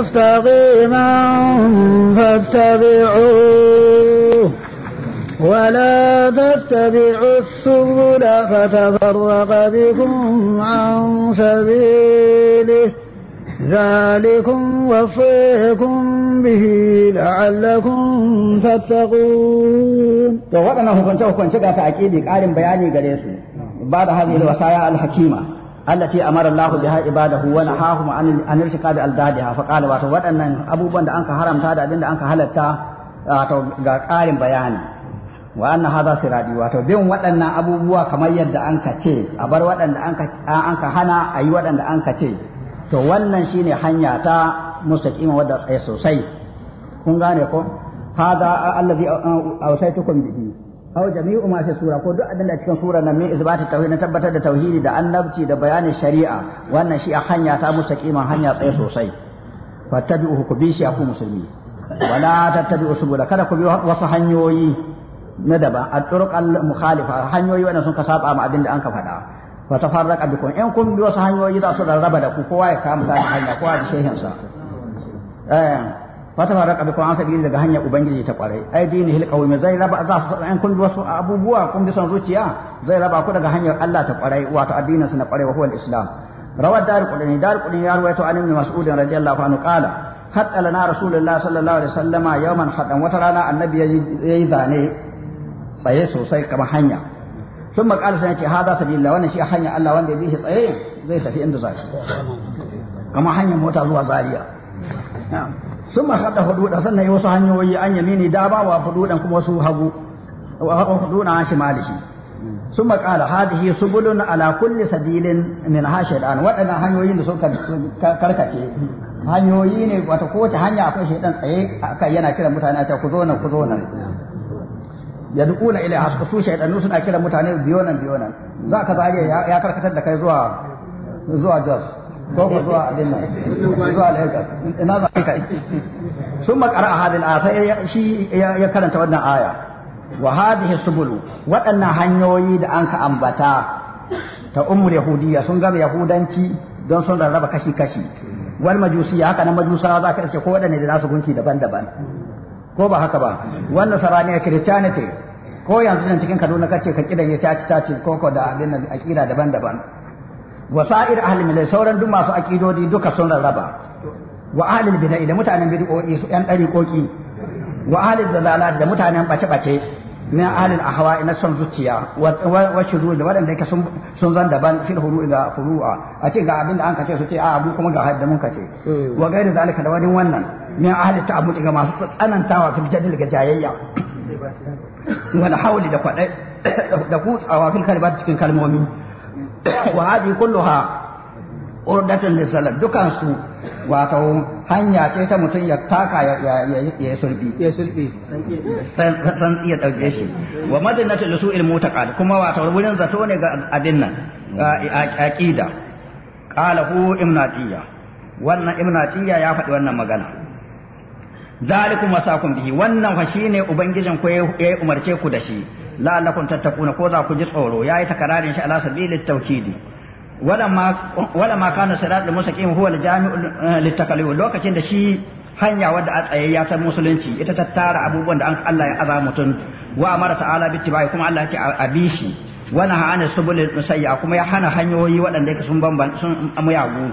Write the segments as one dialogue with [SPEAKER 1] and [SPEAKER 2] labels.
[SPEAKER 1] مستقيما فاتبعوه ولا تتبعوا السبل فتفرق بكم عن سبيله ذلكم
[SPEAKER 2] وصيكم به لعلكم تتقون to waɗannan hukunce hukunce ga ta aqidi ƙarin bayani gare su ba da allati amara Allah biha ibadahu wa nahahum an irtikabi aldadiha fa qala wato waɗannan abubuwan da anka haramta da abin da anka halatta wato ga ƙarin bayani wa anna hadha siradi wato bin waɗannan abubuwa kamar yadda anka ce a bar waɗanda anka anka hana a yi waɗanda anka ce to wannan shine hanya ta mustaqima a tsaye sosai kun gane ko aw jami'u ma fi sura ko duk abinda da cikin sura nan min isbatu tauhid na tabbatar da tauhidi da annabci da bayanin shari'a wannan shi a hanya ta mustaqima hanya tsaye sosai fattabi'uhu ku bi shi ku musulmi wala tattabi'u subula kada ku bi wasu hanyoyi na daban at-turuq al hanyoyi wannan sun ka ma abin an ka faɗa fa tafarraqa bikum in kun bi wasu hanyoyi za su rarraba da ku kowa ya kama ta hanya kowa da shehin sa wata fara kabi kuma an sabili daga hanyar ubangiji ta kwarai ai dini hil qawmi zai raba za su an kun wasu abubuwa kun bi son zuciya zai raba ku daga hanyar Allah ta kwarai wato addinin su na kwarai wa huwa islam rawad dar qulani dar qulani ya ruwaito an ibn mas'ud radiyallahu anhu qala hatta lana rasulullahi sallallahu alaihi wasallama yawman hadan wata rana annabi yayi zane tsaye sosai kama hanya ثم قال سنتي هذا سبيل الله وانا شيء حنيا الله وانا بيه tsaye zai tafi inda zaki kamar hanyar mota zuwa zaria sun mashaɗa hududa sannan wasu hanyoyi an yamini da ba wa hududan kuma wasu hagu wa hududan an shimali shi sun maƙala su subulun na kulli sabilin min ha shaidan waɗannan hanyoyin da suka karkace hanyoyi ne wata kowace hanya akwai ɗan tsaye a kai yana kiran mutane ta ku zo nan ku zo nan yad'una ila hasku su shaidanu suna kiran mutane biyo nan biyo nan za ka zage ya karkatar da kai zuwa jos Koko zuwa abin nan zuwa Lagos ina za ka kai sun makara a hadin aya shi ya karanta wannan aya wa hadhihi subulu waɗannan hanyoyi da an ka ambata ta ummul yahudiyya sun gama yahudanci don sun rarraba kashi kashi wal majusiyya haka na majusawa za ka ce ko waɗanne da nasu gunki daban-daban ko ba haka ba wannan saraniya christianity ko yanzu nan cikin Kaduna kace ka kidan ya caci caci koko da abin nan akida daban-daban wa sa'ir ahli milal sauran duk masu akidodi duka sun rarraba wa ahli bid'a da mutanen bid'o'i su yan dari koki wa ahli dalalat da mutanen bace bace min ahli ahwa ina son zuciya wa shuzul da wadanda yake sun sun zan daban fil huru da furu'a a ce ga abin da an kace su ce a abu kuma ga hadda mun kace hmm. wa gairi zalika da wadin wannan min ahli ta'ammudi ga masu tsanantawa fil jadil ga jayayya wal hawli da kwadai da ku a wafin kalmar cikin kalmomi wa hadi kulluha urdatun lisalat dukan su wato hanya ce ta mutum ya taka ya ya sulbi ya sulbi san iya dauke shi wa madinatul su'il mutaqad kuma wato wurin zato ne ga abin nan A aqida qala hu imnatiya wannan imnatiya ya faɗi wannan magana zalikum wasakum bihi wannan fa shine ubangijin ku ya umarce ku da shi la'allakum tattaquna ko za ku ji tsoro yayi takararin shi ala sabilit tawkidi wala ma kana siratul mustaqim huwa al-jami'u eh, litakallu lokacin da shi hanya wadda a tsayayya ta musulunci ita ta tara abubuwan da Allah ya aza mutum wa amara ta'ala bittibai kuma Allah ya ce a bi shi wa naha an subul musayya kuma ya hana hanyoyi waɗanda yake sun bamban sun muyagu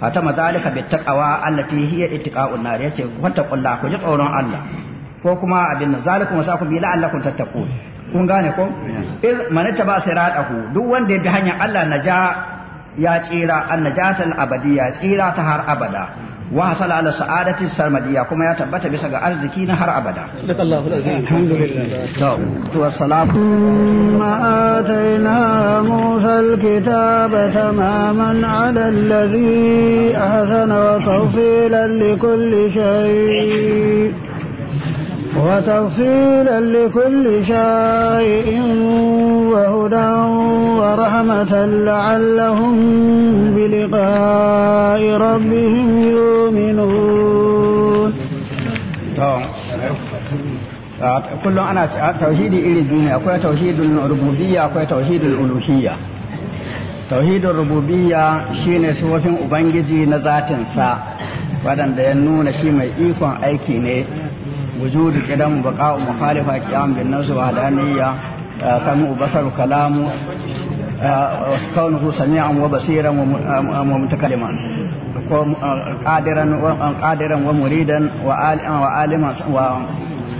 [SPEAKER 2] hata madalika bittaqawa allati hiya ittiqa'un nar yace fattaqullaha ku ji tsoron Allah ko kuma abin zalikum wasakum bi la'allakum tattaqun kun gane ko iz manata ba siratahu duk wanda ya bi hanyar Allah naja ya tsira annajatal abadiyya tsira ta har abada wa hasala ala sa'adati kuma ya tabbata bisa ga arziki na har abada sadakallahu alhamdulillah to
[SPEAKER 1] wassalamu ma atayna musa alkitaba tamaman ala alladhi ahsana wa tawfilan li kulli shay' وتفصيلا لكل شيء وهدى ورحمة لعلهم بلقاء ربهم يؤمنون
[SPEAKER 2] kullum ana tauhidi iri biyu akwai tauhidul rububiyya akwai tauhidul uluhiyya tauhidul rububiyya shine sifofin ubangiji na zatinsa waɗanda ya nuna shi mai ikon aiki ne وجود قدم بقاء مخالفة قيام بالنفس وحدانية بصر كلام كونه سميعا وبصيرا ومتكلما قادرا قادرا ومريدا وعالما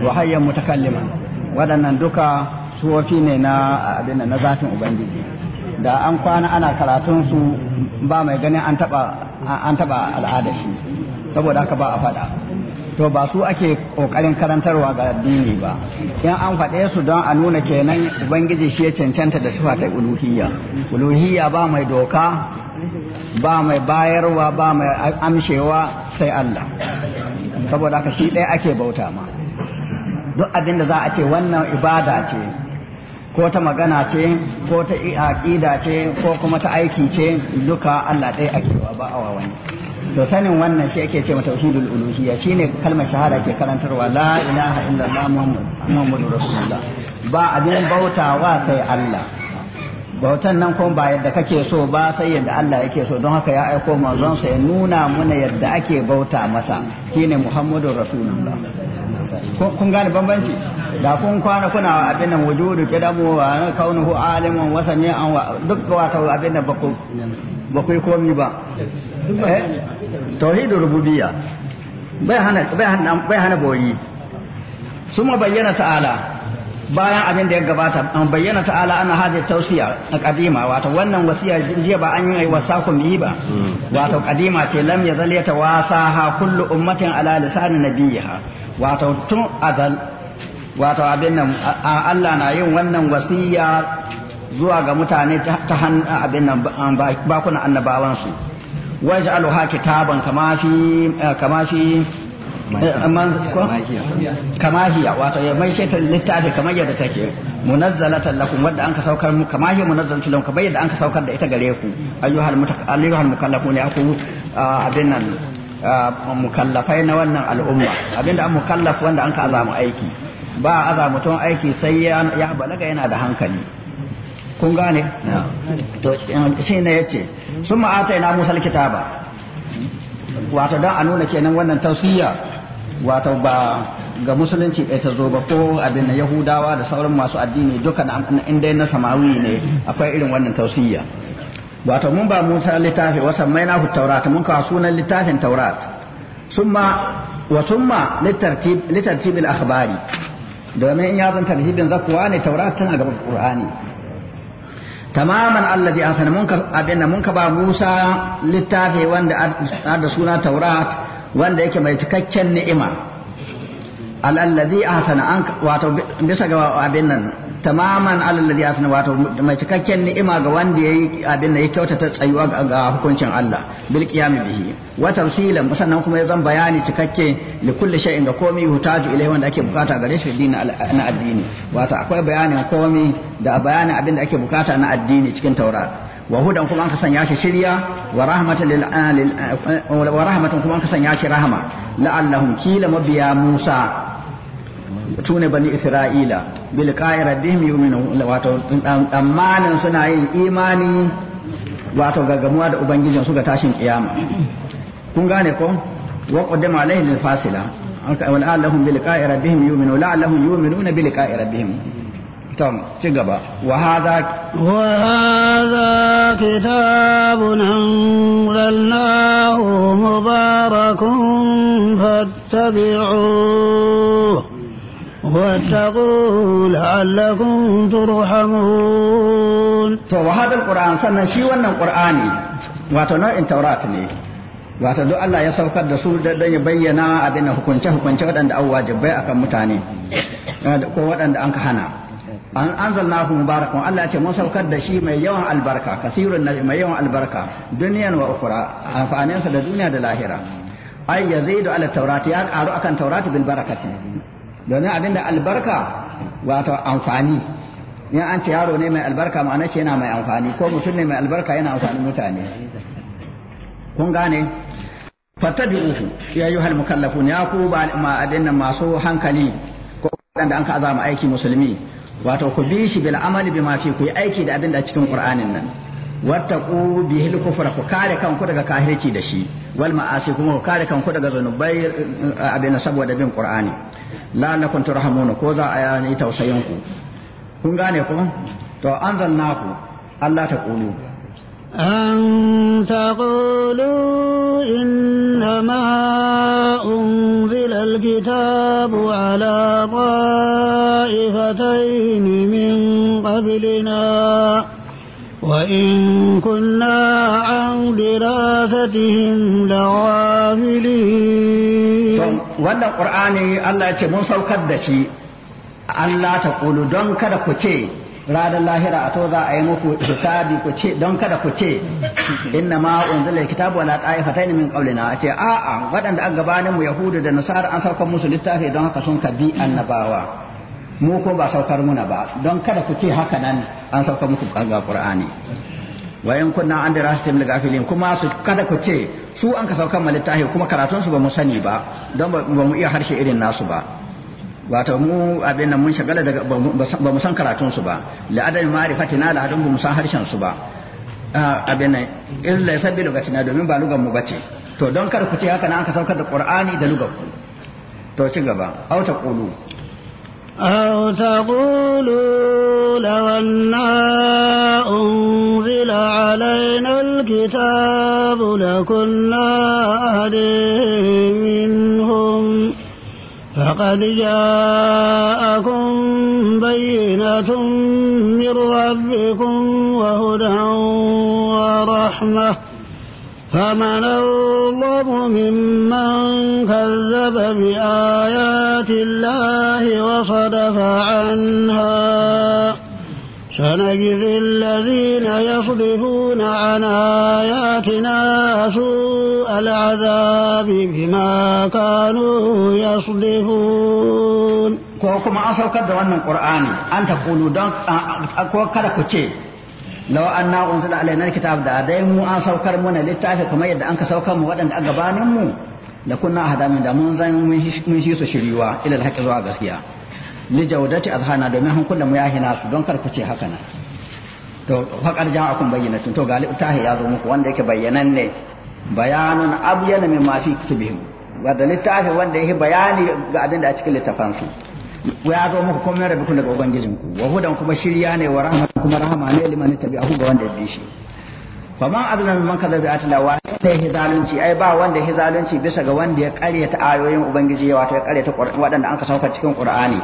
[SPEAKER 2] وحيا متكلما duka suwofi ne na abin da an kwana ana karatun su ba mai ganin an taɓa al'adashi saboda haka ba a faɗa to ba su ake kokarin karantarwa ga addini ba in an faɗe su don a nuna kenan ubangiji shi ya cancanta da sifa ta uluhiyya uluhiyya ba mai doka ba mai bayarwa ba mai amshewa sai Allah saboda haka shi ɗaya ake bauta ma duk abin da za a ce wannan ibada ce ko ta magana ce ko ta aƙida ce ko kuma ta aiki ce duka Allah ɗaya ake wa ba a wani to sanin wannan shi ake ce tauhidul uluhiyya shine kalmar shahada ke karantarwa la ilaha illallah muhammadur rasulullah ba abin bautawa sai Allah bautan nan kuma ba yadda kake so ba sai yadda Allah yake so don haka ya aiko manzon sa ya nuna mana yadda ake bauta masa shine muhammadur rasulullah kun gane bambanci da kun kwana kuna abin nan wujudu kidamu wa kaunuhu alimun wa sami'an wa duk wato abin nan ba ku ba ku komi ba eh? tauhidur rububiyya bai hana bai hana bai hana boyi suma bayyana ta'ala bayan abin da ya gabata an bayyana ta'ala ana hada tausiya a kadima wato wannan wasiya jiya ba an yi wasakum yi ba
[SPEAKER 3] hmm.
[SPEAKER 2] wato kadima ce lam yazal ha kullu ummatin ala lisan nabiyha wato tun azal wato abin nan Allah na yin wannan wasiya zuwa ga mutane ta abin nan ba bakuna annabawansu waj'alha kitaban kama fi eh, kama fi eh, kama hiya wato ya eh, mai shi littafi kamar yadda take munazzalatan lakum wadda anka saukar mu kama hiya munazzalatan lakum kamar yadda anka saukar da ita gare ku ayyuhal ayyuhal mukallafun ya ku ah, abin nan ah, mukallafai na wannan al'umma abinda an mukallaf wanda anka azamu aiki ba azamu ton aiki sai ya balaga yana da hankali kun gane to eh, shi ne yace sun ma'ata ina musal kitaba wato dan a nuna kenan wannan tausiya wato ba ga musulunci ɗaya ta zo ba ko abin na yahudawa da sauran masu addini duka amfani inda na samawi ne akwai irin wannan tausiya wato mun ba musa littafi wasan mai na taurat mun kawo sunan littafin taurat summa wa summa litartib litartib al akhbari domin in ya zan tartibin zakuwa ne taurat tana gaban qur'ani tamaman allazi asana mun ka abinda mun ka ba Musa littafi wanda da suna Taurat wanda yake mai cikakken ni'ima alallazi asana an wato bisa ga abin nan tamaman Allah ya asna wato mai cikakken ni'ima ga wanda yayi abin da ya kyautata tsayuwa ga hukuncin Allah bil qiyam bihi wa tafsilan sannan kuma ya zan bayani cikakke li kulli shay'in ga komai hutaju ilai wanda ake bukata gare shi dini na addini wato akwai bayanin komai da bayanin abin da ake bukata na addini cikin taurat wa hudan kuma an ka sanya shi shirya wa rahmatan lil wa rahmatan kuma an ka sanya shi rahama la'allahum kila mabiya Musa tune bani isra'ila bil qa'i rabbihim yu'minun wato tsammanin suna yin imani wato gaggamuwa da ubangijin su ga tashin kiyama kun gane ko wa qaddama alaihi lil fasila wal alahum bil qa'i rabbihim yu'minun la'allahum yu'minuna bil qa'i rabbihim tom ci gaba wa hadha wa hadha kitabun
[SPEAKER 1] anzalnahu mubarakun واتقوا لعلكم
[SPEAKER 2] ترحمون to wa hadal qur'an sannan shi wannan qur'ani wato in taurat ne wato duk Allah ya saukar da su don ya bayyana abin da hukunce hukunce waɗanda an wajibai akan mutane ko waɗanda an ka hana an anzalnahu mubarakun Allah ya ce mun saukar da shi mai yawan albarka kasirun nabi mai yawan albarka duniyan wa ukhra amfaninsa da duniya da lahira ay yazidu ala taurati ya karu akan taurati bil barakati domin abinda albarka wato amfani in an ce yaro ne mai albarka ma'ana ce yana mai amfani ko mutum ne mai albarka yana amfani mutane kun gane uku ya yi hal mukallafun ya ku ba abin nan masu hankali ko waɗanda an ka azama aiki musulmi wato ku bi shi bil amali bi ma fi ku yi aiki da abin da cikin qur'anin nan ku bi hil kufra ku kare kanku daga kahirci da shi wal ma'asi kuma ku kare kanku daga zanubai abin saboda bin qur'ani la'allakum turhamuna ko za a yi tausayin ku kun gane ku to an zanna ku Allah ta kulu an
[SPEAKER 1] taqulu innama unzila alkitabu ala qa'ifatayn min qablina وإن كنا
[SPEAKER 2] عن دراستهم لغافلين wannan qur'ani Allah ya ce mun saukar da shi Allah ta kulu don kada ku ce ranar lahira a za a yi muku hisabi ku ce don kada ku ce inna ma unzila kitabu wala ta'ifatain min qawlina ce a'a waɗanda an gabanin mu yahudu da nasara an saukar musu littafi don haka sun kabi annabawa mu ko ba saukar muna ba don kada ku ce haka nan an sauka muku ga qur'ani wayan kunna an dirasatin daga filin kuma su kada ku ce su an ka saukar malittahi kuma karatun su ba mu sani ba don ba mu iya harshe irin nasu ba wato mu abin nan mun shagala daga ba mu san karatun su ba la ma'rifati na la adam mu san harshen su ba ah, abin nan in la lugati na domin ba lugan mu bace to don kada ku ce haka nan an ka saukar da qur'ani da lugan ku to ci gaba auta qulu
[SPEAKER 1] أو تقولوا لو أنا أنزل علينا الكتاب لكنا أهدي منهم فقد جاءكم بينة من ربكم وهدى ورحمة فمن الله ممن كذب بآيات الله وصدف عنها سنجزي الذين يصدفون عن آياتنا سوء العذاب بما كانوا
[SPEAKER 2] يصدفون ko kuma an saukar da wannan qur'ani an taqulu don ko kada ku ce law anna unzila alaina alkitab da dai mu an saukar mana littafi kamar yadda an ka saukar mu waɗanda a gabanin mu da kunna hada min da mun zan mun shi su shiriwa ila alhaqi zuwa gaskiya li jawdati azhana domin hankulan mu ya hina su don kar ku ce haka nan to akun bayyana bayyinatun to galib tahi ya zo muku wanda yake bayyanan ne bayanun abyana mimma fi kutubihim wa da littafi wanda yake bayani ga abin da a cikin littafansu ya zo muku kuma rabi kun daga ubangijinku wa hudan kuma shirya ne wa rahama kuma rahama ne liman tabi'ahu ga wanda bi shi fa man azna man kaza bi atla wa ne hizalunci ai ba wanda hizalunci bisa ga wanda ya ta ayoyin ubangiji ya wato ya ta wadanda an ka sauka cikin qur'ani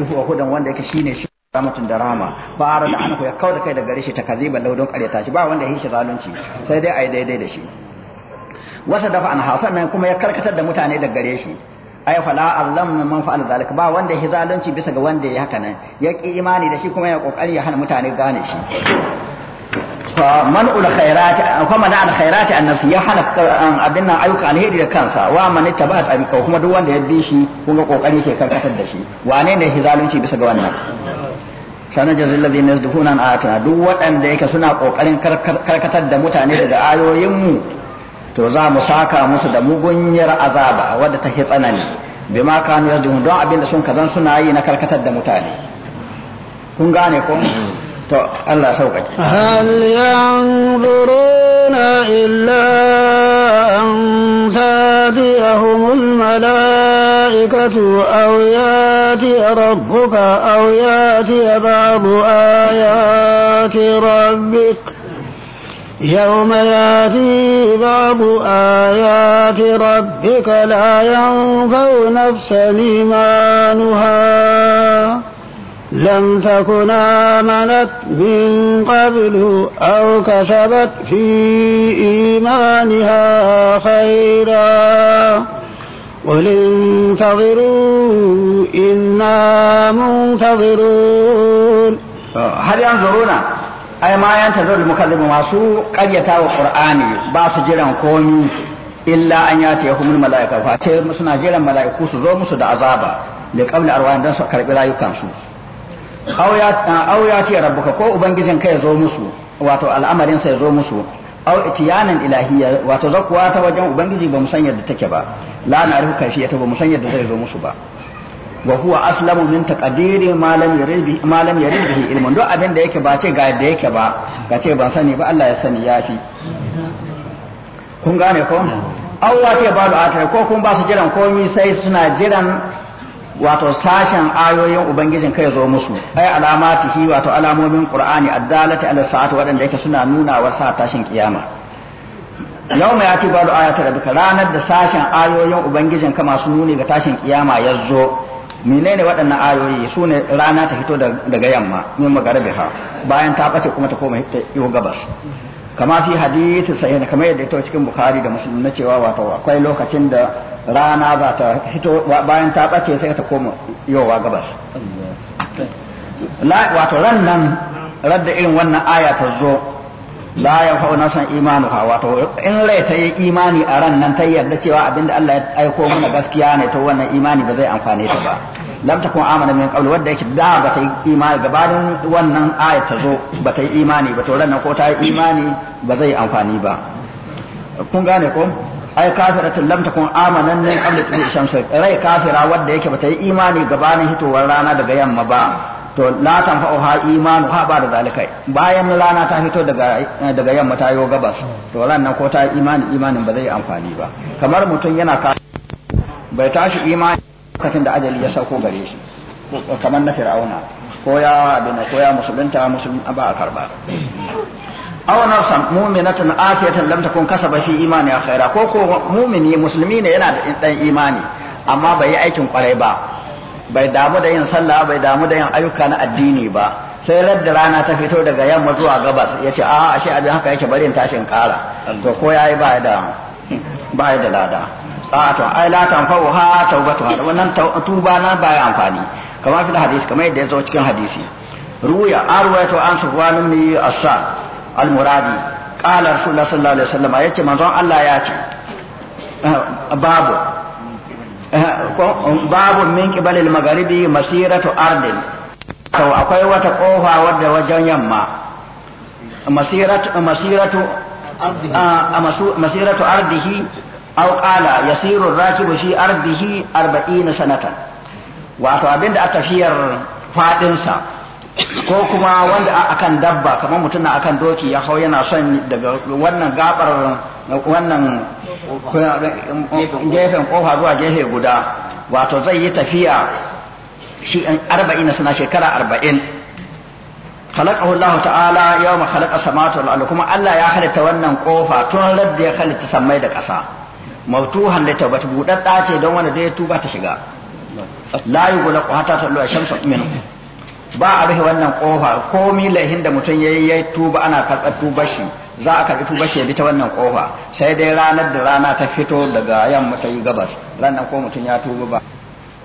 [SPEAKER 2] hu wa hudan wanda yake shine shi rahmatun da rahama da an ku ya kauda kai daga rishi takaziban laudon ta shi ba wanda ya hizalunci sai dai ai daidai da shi wasa dafa an hasan nan kuma ya karkatar da mutane daga gare shi ai fala allam man fa'al zalik ba wanda ya zalunci bisa ga wanda ya haka nan ya ki imani da shi kuma ya kokari ya hana mutane gane shi fa man ul khairat fa man al khairat an nafsi ya hana um, abin nan ayyuka alheri da kansa wa man taba tabika kuma duk wanda ya bi shi kun ga kokari ke karkatar da shi wane ne ya zalunci bisa ga wannan sana jazil ladina yasdufuna an ayatina duk waɗanda yake suna kokarin karkatar da mutane daga ayoyin mu to za mu saka musu da mugunyar azaba wadda ta hi tsanani bima kanu don abin da sun kazan suna yi na karkatar da mutane kun gane ko mm-hmm. to Allah sauƙaƙe hal yanzuruna
[SPEAKER 1] illa an tadiyahum almalaikatu aw yati rabbuka aw yati ba'du ayati rabbika يوم ياتي باب آيات ربك لا ينفع نفسا إيمانها لم تكن آمنت من قبل أو كسبت في إيمانها خيرا قل انتظروا إنا منتظرون
[SPEAKER 2] هل ينظرون ai ma yan tazarul mukazzibu masu qaryata wa qur'ani ba su jiran komi illa an ta yahumul malaika fa ce suna jiran malaiku su zo musu da azaba li qabl arwahin dan su karbi rayukan su aw ya aw ya rabbuka ko ubangijin kai zo musu wato al'amarin sai zo musu aw itiyanan ilahiyya wato zakwa ta wajen ubangiji ba mu san yadda take ba la na arhu kafiyata ba mu san yadda zai zo musu ba wa huwa aslamu min taqdiri ma lam yurid bihi ma lam ilmun duk abin da yake ba ce ga yadda yake ba ga ce ba sani ba Allah ya sani ya fi kun gane ko Allah ce ba da atar ko kun ba su jiran komai sai suna jiran wato sashen ayoyin ubangijin kai zo musu ai alamatihi wato alamomin qur'ani addalati ala sa'ati wadanda yake suna nuna wa sa tashin kiyama yau mai ati bado ayata rabbika ranar da sashen ayoyin ubangijin ka masu nuni ga tashin kiyama ya zo menene waɗannan ayoyi su ne rana ta fito daga yamma min ha bayan ta ɓace kuma ta koma ta yau gabas kama fi hadithu ne kamar yadda ita cikin bukhari da muslim na cewa wato akwai lokacin da rana za ta fito bayan ta ɓace sai ta koma yowa gabas wato ran nan radda irin wannan aya ta zo la ya fa'u nasan imanu ha wato in rai ta yi imani a ran nan ta yarda cewa abinda Allah ya aiko mana gaskiya ne to wannan imani ba zai amfane ta ba lam takun amana min qabl wanda yake da ba ta yi imani gabanin wannan aya ta zo ba ta yi imani ba to ran ko ta yi imani ba zai amfani ba kun gane ko ai kafiratun lam takun amanan min qabl tudu shamsu rai kafira wanda yake ba ta yi imani gabanin hitowar rana daga yamma ba to la tanfa'uha imanu ha ba da zalikai bayan rana ta fito daga daga yamma ta yo gabas to ranan ko ta imani imanin ba zai amfani ba kamar mutum yana ka bai tashi imani lokacin da ajali ya sauko gare shi kamar na fir'auna ko ya abin ko ya musulunta musulmi ba a karba aw nafsan mu'minatan asiyatan lam takun kasaba fi imani khaira ko ko mu'mini musulmi ne yana da dan imani amma bai yi aikin kwarai ba bai damu da yin sallah bai damu da yin ayyuka na addini ba sai radda rana ta fito daga yamma zuwa gabas ya ce a ashe abin haka yake bari in tashi in kara to ko yayi ba da ba da lada to ai la fa ha tawbatu ha wannan tuba na ba ya amfani kamar fil hadisi kamar yadda ya zo cikin hadisi ruya arwayatu an sufwan ibn as-sa'd al-muradi qala rasulullah sallallahu alaihi wasallam yace manzon Allah ya ce babu babu min qibalil magharibi masiratu ardin to akwai wata kofa wadda wajen yamma masiratu masiratu masiratu ardihi aw qala yasiru ar-rakibu fi ardihi 40 sanatan wato abinda a tafiyar fadin sa ko kuma wanda akan dabba kamar mutum na akan doki ya hau yana son daga wannan gabar wannan gefen kofa zuwa gefe guda wato zai yi tafiya shi arba'in suna shekara arba'in khalaqahu Allah ta'ala yawma khalaqa samawati wal kuma Allah ya halitta wannan kofa tun radda ya halitta samai da kasa mautuhan la tawbat budadda ce don wanda da ya tuba ta shiga la yughlaqu hatta tatlu ash-shamsu min. ba a rufe wannan kofa komi laihin da mutum ya yi tuba ana karɓar tuba shi za a karɓi tuba shi ya bi ta wannan kofa sai dai ranar da rana ta fito daga yamma ta yi gabas ranar ko mutum ya tuba ba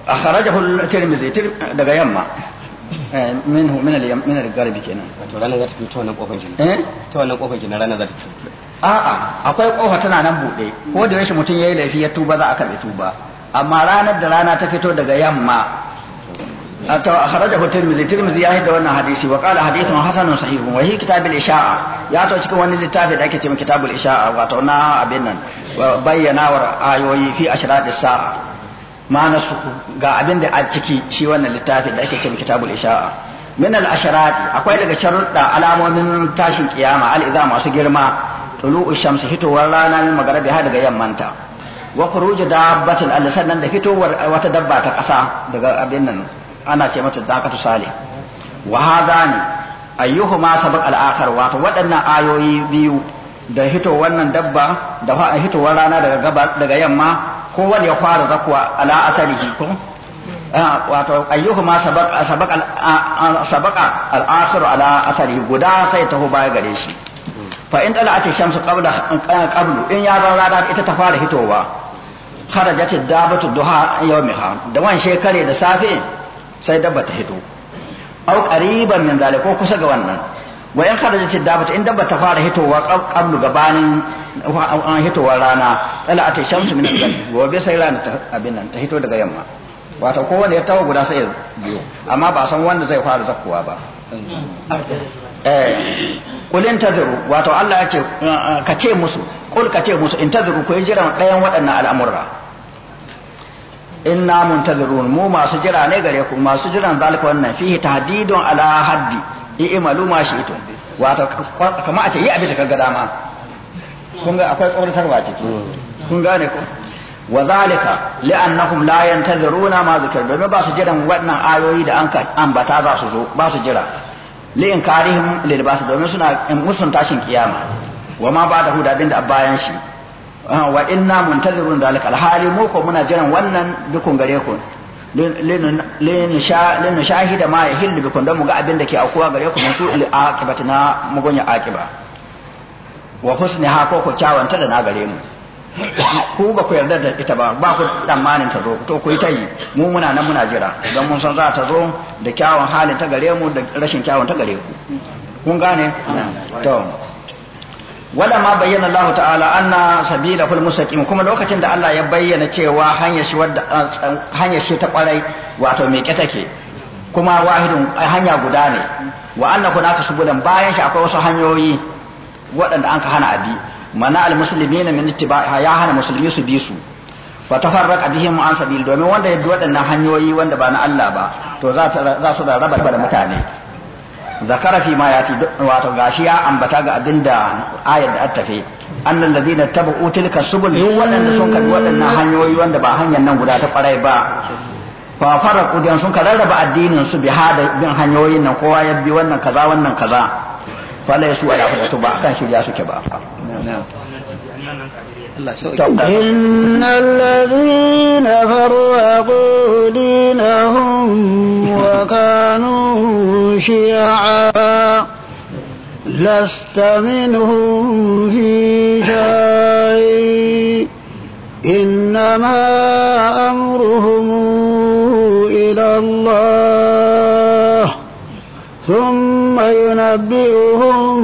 [SPEAKER 2] a kharajahu tirmizi daga yamma eh, minhu min min al-garbi kenan wato ranar za ta fito wannan kofar kenan eh ta wannan kofar kenan ranar za ta fito a'a akwai kofa tana nan buɗe ko da yashi mutum ya yi laifi ya tuba za a karɓi tuba amma ranar da rana ta fito daga yamma أخرجه الترمذي الترمذي يهد وانا حديثي وقال حديث حسن صحيح وهي كتاب الإشاعة ya تو cikin wani littafi da ake cewa kitabul isha'a wato na abin nan bayyanawar ayoyi fi ashrad saa ma'ana ga abin da a ciki shi wannan littafi da ake cewa kitabul isha'a min al-ashrad akwai daga sharuɗa alamomin tashin kiyama al-idha masu girma tulu'u shamsi hitowar rana min har daga yammanta wa khuruj dabbatil al sannan da fitowar wata dabba ta ƙasa daga abin nan ana ce mata dakatu sali wa hadani ayyuhuma sabaq al-akhar wato waɗannan ayoyi biyu da hito wannan dabba da fa hitowar rana daga gaba daga yamma ko wanda ya fara zakwa ala asalihi ko ah, wato ayyuhuma sabaq sabaq sabaqa al-akhir ala asalihi guda sai taho baya gare shi fa in tala'at shamsu qabla qablu in ya zan rana ita ta fara hitowa kharajat dabatu duha yawmiha da wan shekare da safe sai dabba ta hito au qariban min zalika ko kusa ga wannan wa in kharajat dabbatu in dabba ta fara hitowa qablu gabanin an uh, uh, hitowa rana ala ta shamsu min al gobe sai rana ta abin nan ta hito daga yamma wato wanda ya tawo guda sai biyo amma ba san wanda zai fara zakkuwa ba eh kul intaziru wato Allah ya ce uh, ka ce musu kul ka ce musu intaziru ko jira ɗayan waɗannan al'amurra. inna muntazirun mu masu jira ne gare ku masu jiran zalika wannan fihi tahdidun ala haddi i'malu ma ito wato kamar a ce yi abin da kaga dama kun ga akwai tsoratarwa ciki hmm. kun gane ko wa zalika li'annahum la yantaziruna ma zikr domin ba su jiran wannan ayoyi da an ambata za su zo ba su jira li inkarihim lil basu domin suna musun tashin kiyama wa ma ba da huda bin da bayan shi Ah, wa inna muntazirun zalika alhali mu ko muna jiran wannan dukun gare ku lin shahida ma ya yahillu bikun don mu ga abin da ke aukuwa gare ku mutu li aqibati na mugunya aqiba wa husni ha ko ko kyawanta da na gare mu ku ba ku yarda da ita ba ba ku tsammanin ta zo to ku yi ta yi mu muna nan muna jira don mun san za ta zo da kyawun halin ta gare mu da rashin kyawun ta gare ku kun gane to Walama بين الله تعالى أن سبيله kuma lokacin da allah ya bayyana cewa hanyar shi wadda hanyar shi ta kwarai wato me take kuma wahidun hanya guda ne wa anna kunaka subulan bayan shi akwai wasu hanyoyi waɗanda an ka hana abi mana al muslimina min ittiba'iha ya hana musulmi su bi su fa tafarraqa bihim an sabil domin wanda ya bi waɗannan hanyoyi wanda ba na Allah ba to za su da raba da mutane zakara fi ma yati wato gashi ya ambata ga abinda ayar da attafe annal ladina tabu tilka subul duk waɗanda sun kabi waɗannan hanyoyi wanda ba hanyar nan guda ta kwarai ba fa faraku dan sun kararraba addinin su bi hada bin hanyoyin nan kowa ya bi wannan kaza wannan kaza fa la yasu ala fadatu ba kan shirya suke ba إن
[SPEAKER 1] الذين فرقوا دينهم وكانوا شيعا لست منهم في شيء إنما أمرهم إلى الله ثم ينبئهم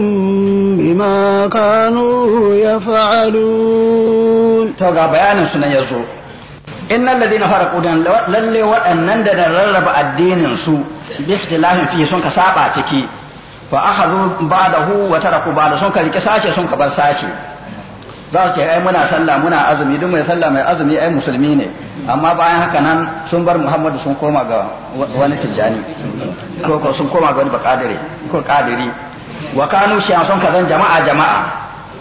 [SPEAKER 1] بما كانوا
[SPEAKER 2] يفعلون توقع بيانا سنة يزو إن الذين فرقوا دين للي وأنن دين الرب الدين سو باختلاف فيه سنك سابع تكي فأخذوا بعده وتركوا بعد سنك لكساشي سنك بساشي za ai muna sallah muna azumi duk mai sallah mai azumi ai musulmi ne amma bayan haka nan sun bar muhammadu sun koma ga wani tijjani ko sun koma ga wani ko kadiri wa kanu shi an son ka zan jama'a jama'a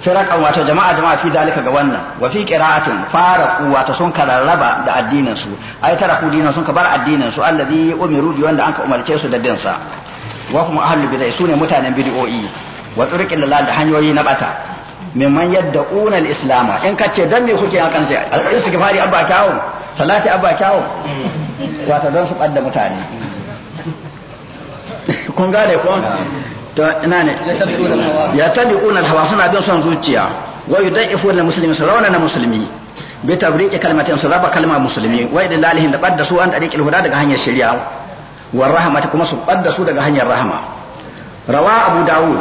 [SPEAKER 2] firaqan wato jama'a jama'a fi dalika ga wannan wa fi qira'atin faraqu wato sun ka rarraba da addinin su ai taraku dinan sun ka bar addinin su allazi umiru bi wanda anka umarce su da din sa wa kuma ahlul bid'ah sune mutanen bid'o'i wa turqil lillah da hanyoyi na bata mimman kuna al-islam in ka ce dan me kuke hakan sai al-istighfari abba kawo salati abba kawo wato don su badda mutane kun gane ko to ina ne ya tabi al-hawa suna bin son zuciya wa yudaifu na muslimi sarawana na musulmi bi tabriki kalmatin raba kalma musulmi wa lalihin da badda su an tariqil huda daga hanyar shari'a wa rahmat kuma su badda su daga hanyar rahama rawa abu daud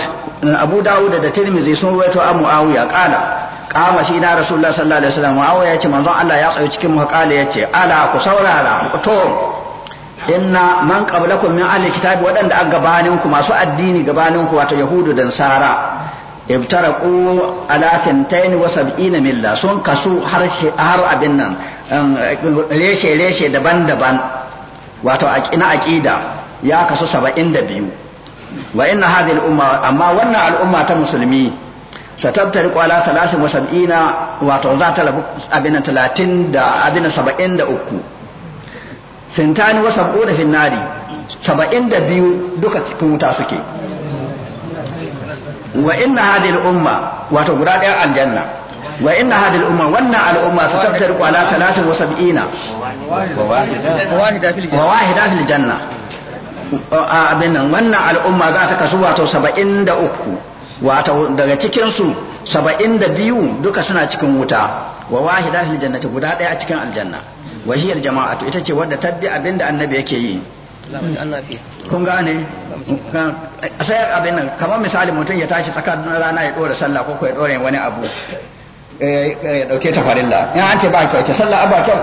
[SPEAKER 2] abu daud da tirmizi sun ruwaito a muawiya qala kama shi na rasulullah sallallahu alaihi wasallam muawiya ce manzon Allah ya tsaya cikin mu ya ce ala ku saurara to inna man qablakum min ahli kitabi wadanda an gabanin ku masu addini gabanin ku wato yahudu da nasara ibtaraqu ala 72 milla sun kasu har har abin nan um, reshe reshe daban-daban wato aqina aqida ya kasu 72 wa inna hadhihi al-umma amma wannan al'umma ta musulmi satabtariqu ala 73 wato za ta labu abin 30 da abin 73 sintani wa sab'una fin nari saba'in da biyu duka cikin wuta suke
[SPEAKER 3] wa inna hadhihi umma
[SPEAKER 2] wato guda ɗaya aljanna wa inna hadhihi umma wannan al-umma sataftariqu ala 73 wa wahida fil janna abin nan wannan al'umma za ta kasu wato saba'in da uku wato daga cikinsu saba'in da biyu duka suna cikin wuta wa wahida fil jannati guda ɗaya a cikin aljanna wahiyar jama'a ita ce wadda tabbi abin da annabi yake yi kun gane sayar abin nan kamar misali mutum ya tashi tsakanin rana ya dora sallah ko ya dora wani abu eh, ya dauke ta farilla in an ce ba kyau ce sallah abba kyau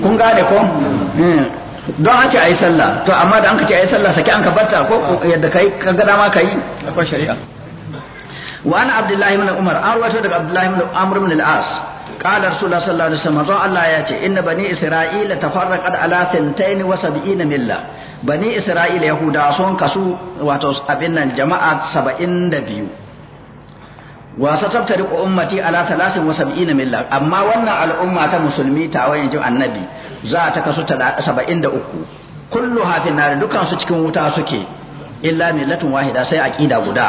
[SPEAKER 2] kun gane ko hmm. don an ce ayi sallah to amma da an ka ce ayi sallah saki an ka barta ko yadda ka yi ka ma ka yi. akwai shari'a wa ana abdullahi ibn umar an rawaito daga abdullahi ibn amr ibn al-as قال رسول الله صلى الله عليه وسلم ذو الله ياتي إن بني إسرائيل تفرقت على ثنتين وسبعين ملة بني إسرائيل يهودا سون كسو واتوس أبنا الجماعة سبعين دبيو وستبترق أمتي على ثلاث وسبعين ملة أما وانا الأمة مسلمي تاوين جو النبي ذات كسو سبعين دأكو كلها في النار دكان سكين وتاسكي إلا ملة واحدة سيأكيد غدا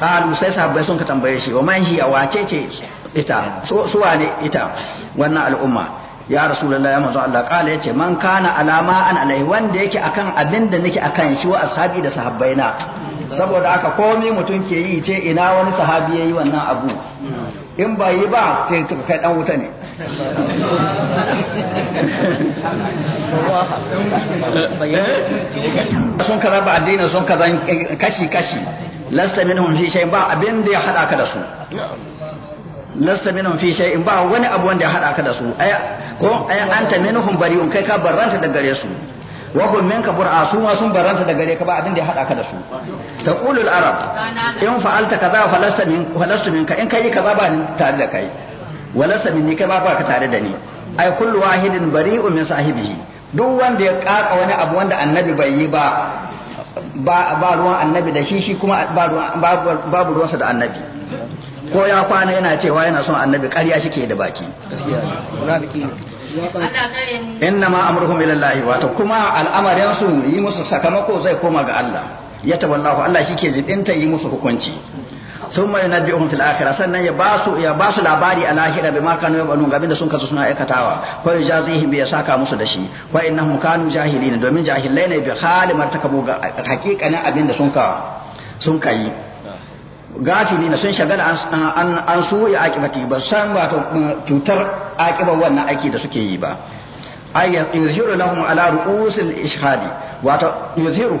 [SPEAKER 2] قالوا سيسابي سنك تنبيشي ومن هي واتيتي ita su ne ita wannan al'umma ya rasulullah ya manzo Allah kala ce man kana alama an alai wanda yake akan abin da nake akan shi wa ashabi da sahabbaina saboda aka komai mutum ke yi ce ina wani sahabi yayi wannan abu in ba yi ba sai kai dan wuta ne sun kaza ba addinin sun kaza kashi kashi lasta minhum shi shay ba abin da ya hada ka da su lasta minhum fi shay'in ba wani abu wanda ya hada ka da su aya ko ay anta minhum bari'un kai ka barranta da gare su wa hum minka bur'a su ma sun barranta da gare ka ba abin da ya hada ka da su taqulu al arab
[SPEAKER 3] in fa'alta kaza fa lasta
[SPEAKER 2] min fa lasta minka in kai kaza ba ni tare da kai wa lasta ni kai ba ba ka tare da ni ay kullu wahidin bari'un min sahibihi duk wanda ya kaka wani abu wanda annabi bai yi ba ba ruwan annabi da shi shi kuma babu ruwansa da annabi ko ya kwana yana cewa yana son annabi ƙarya shi ke da baki In ma amruhum ila Allah kuma al'amarin yi musu sakamako zai koma ga Allah ya tawallahu Allah shi ke jibinta yi musu hukunci sun mai nabi'un filahira fil sannan ya ba su ya ba su labari a lahira bi ma kanu yabalun gabin da sun kasu suna aikatawa ko ya jazihi bi ya saka musu da shi wa innahum kanu jahilin domin jahilai ne bi halimar takabu ga hakikanin abin da sun ka sun kai gafili na sun shagala an su ya akibati ba san ta mm, cutar akibar wannan aiki da suke yi ba ay yuzhiru lahum ala ru'usil ishhadi wato yuzhiru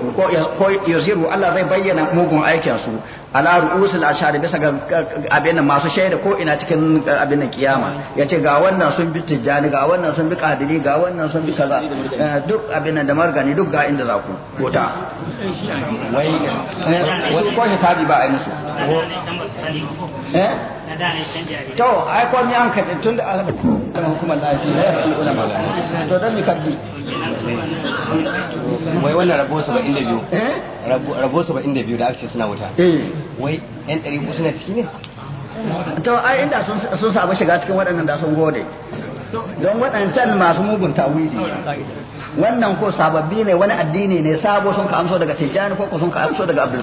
[SPEAKER 2] ko yuzhiru Allah zai bayyana mugun aikin su ala ru'usil ashhadi bisa ga abin masu shaida ko ina cikin abin nan kiyama yace ga wannan sun bi tijjani ga wannan sun bi qadiri ga wannan sun bi kaza eh, duk abin da margani duk ga inda za ku kota wai wai ko hisabi ba ai musu
[SPEAKER 3] Eh? to
[SPEAKER 2] ai ko ni an ka tun da alamu kan hukumar lafiya ya san ulama to dan mi kabbi wai wannan rabo 72 eh rabo 72 da ake suna wuta eh. wai yan ɗari ku suna ciki ne to ai inda sun sun samu shiga cikin waɗannan da sun gode don waɗancan masu mugun tawili wannan ko sababbi ne wani addini ne sabo sun ka amso daga Sijjani ko ko sun ka amso daga Abdul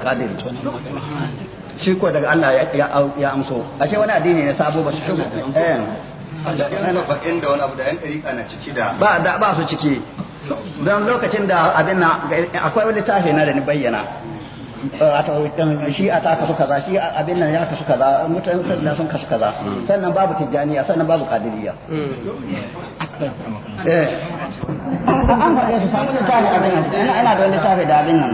[SPEAKER 2] shi ko daga Allah ya amso ashe wani addini ne sabo ba su shigo eh da yan saba'in da wani abu da yan ɗariƙa na ciki da ba da ba su ciki don lokacin da abin na akwai wani tafi na da ni bayyana eh, shi a ta kasu kaza shi abin nan ya kasu kaza mutane da sun kasu kaza hmm. sannan babu tijjaniya sannan babu kadiriya hmm. eh. an faɗe su samu littafi abin nan ina da wani tafi da abin nan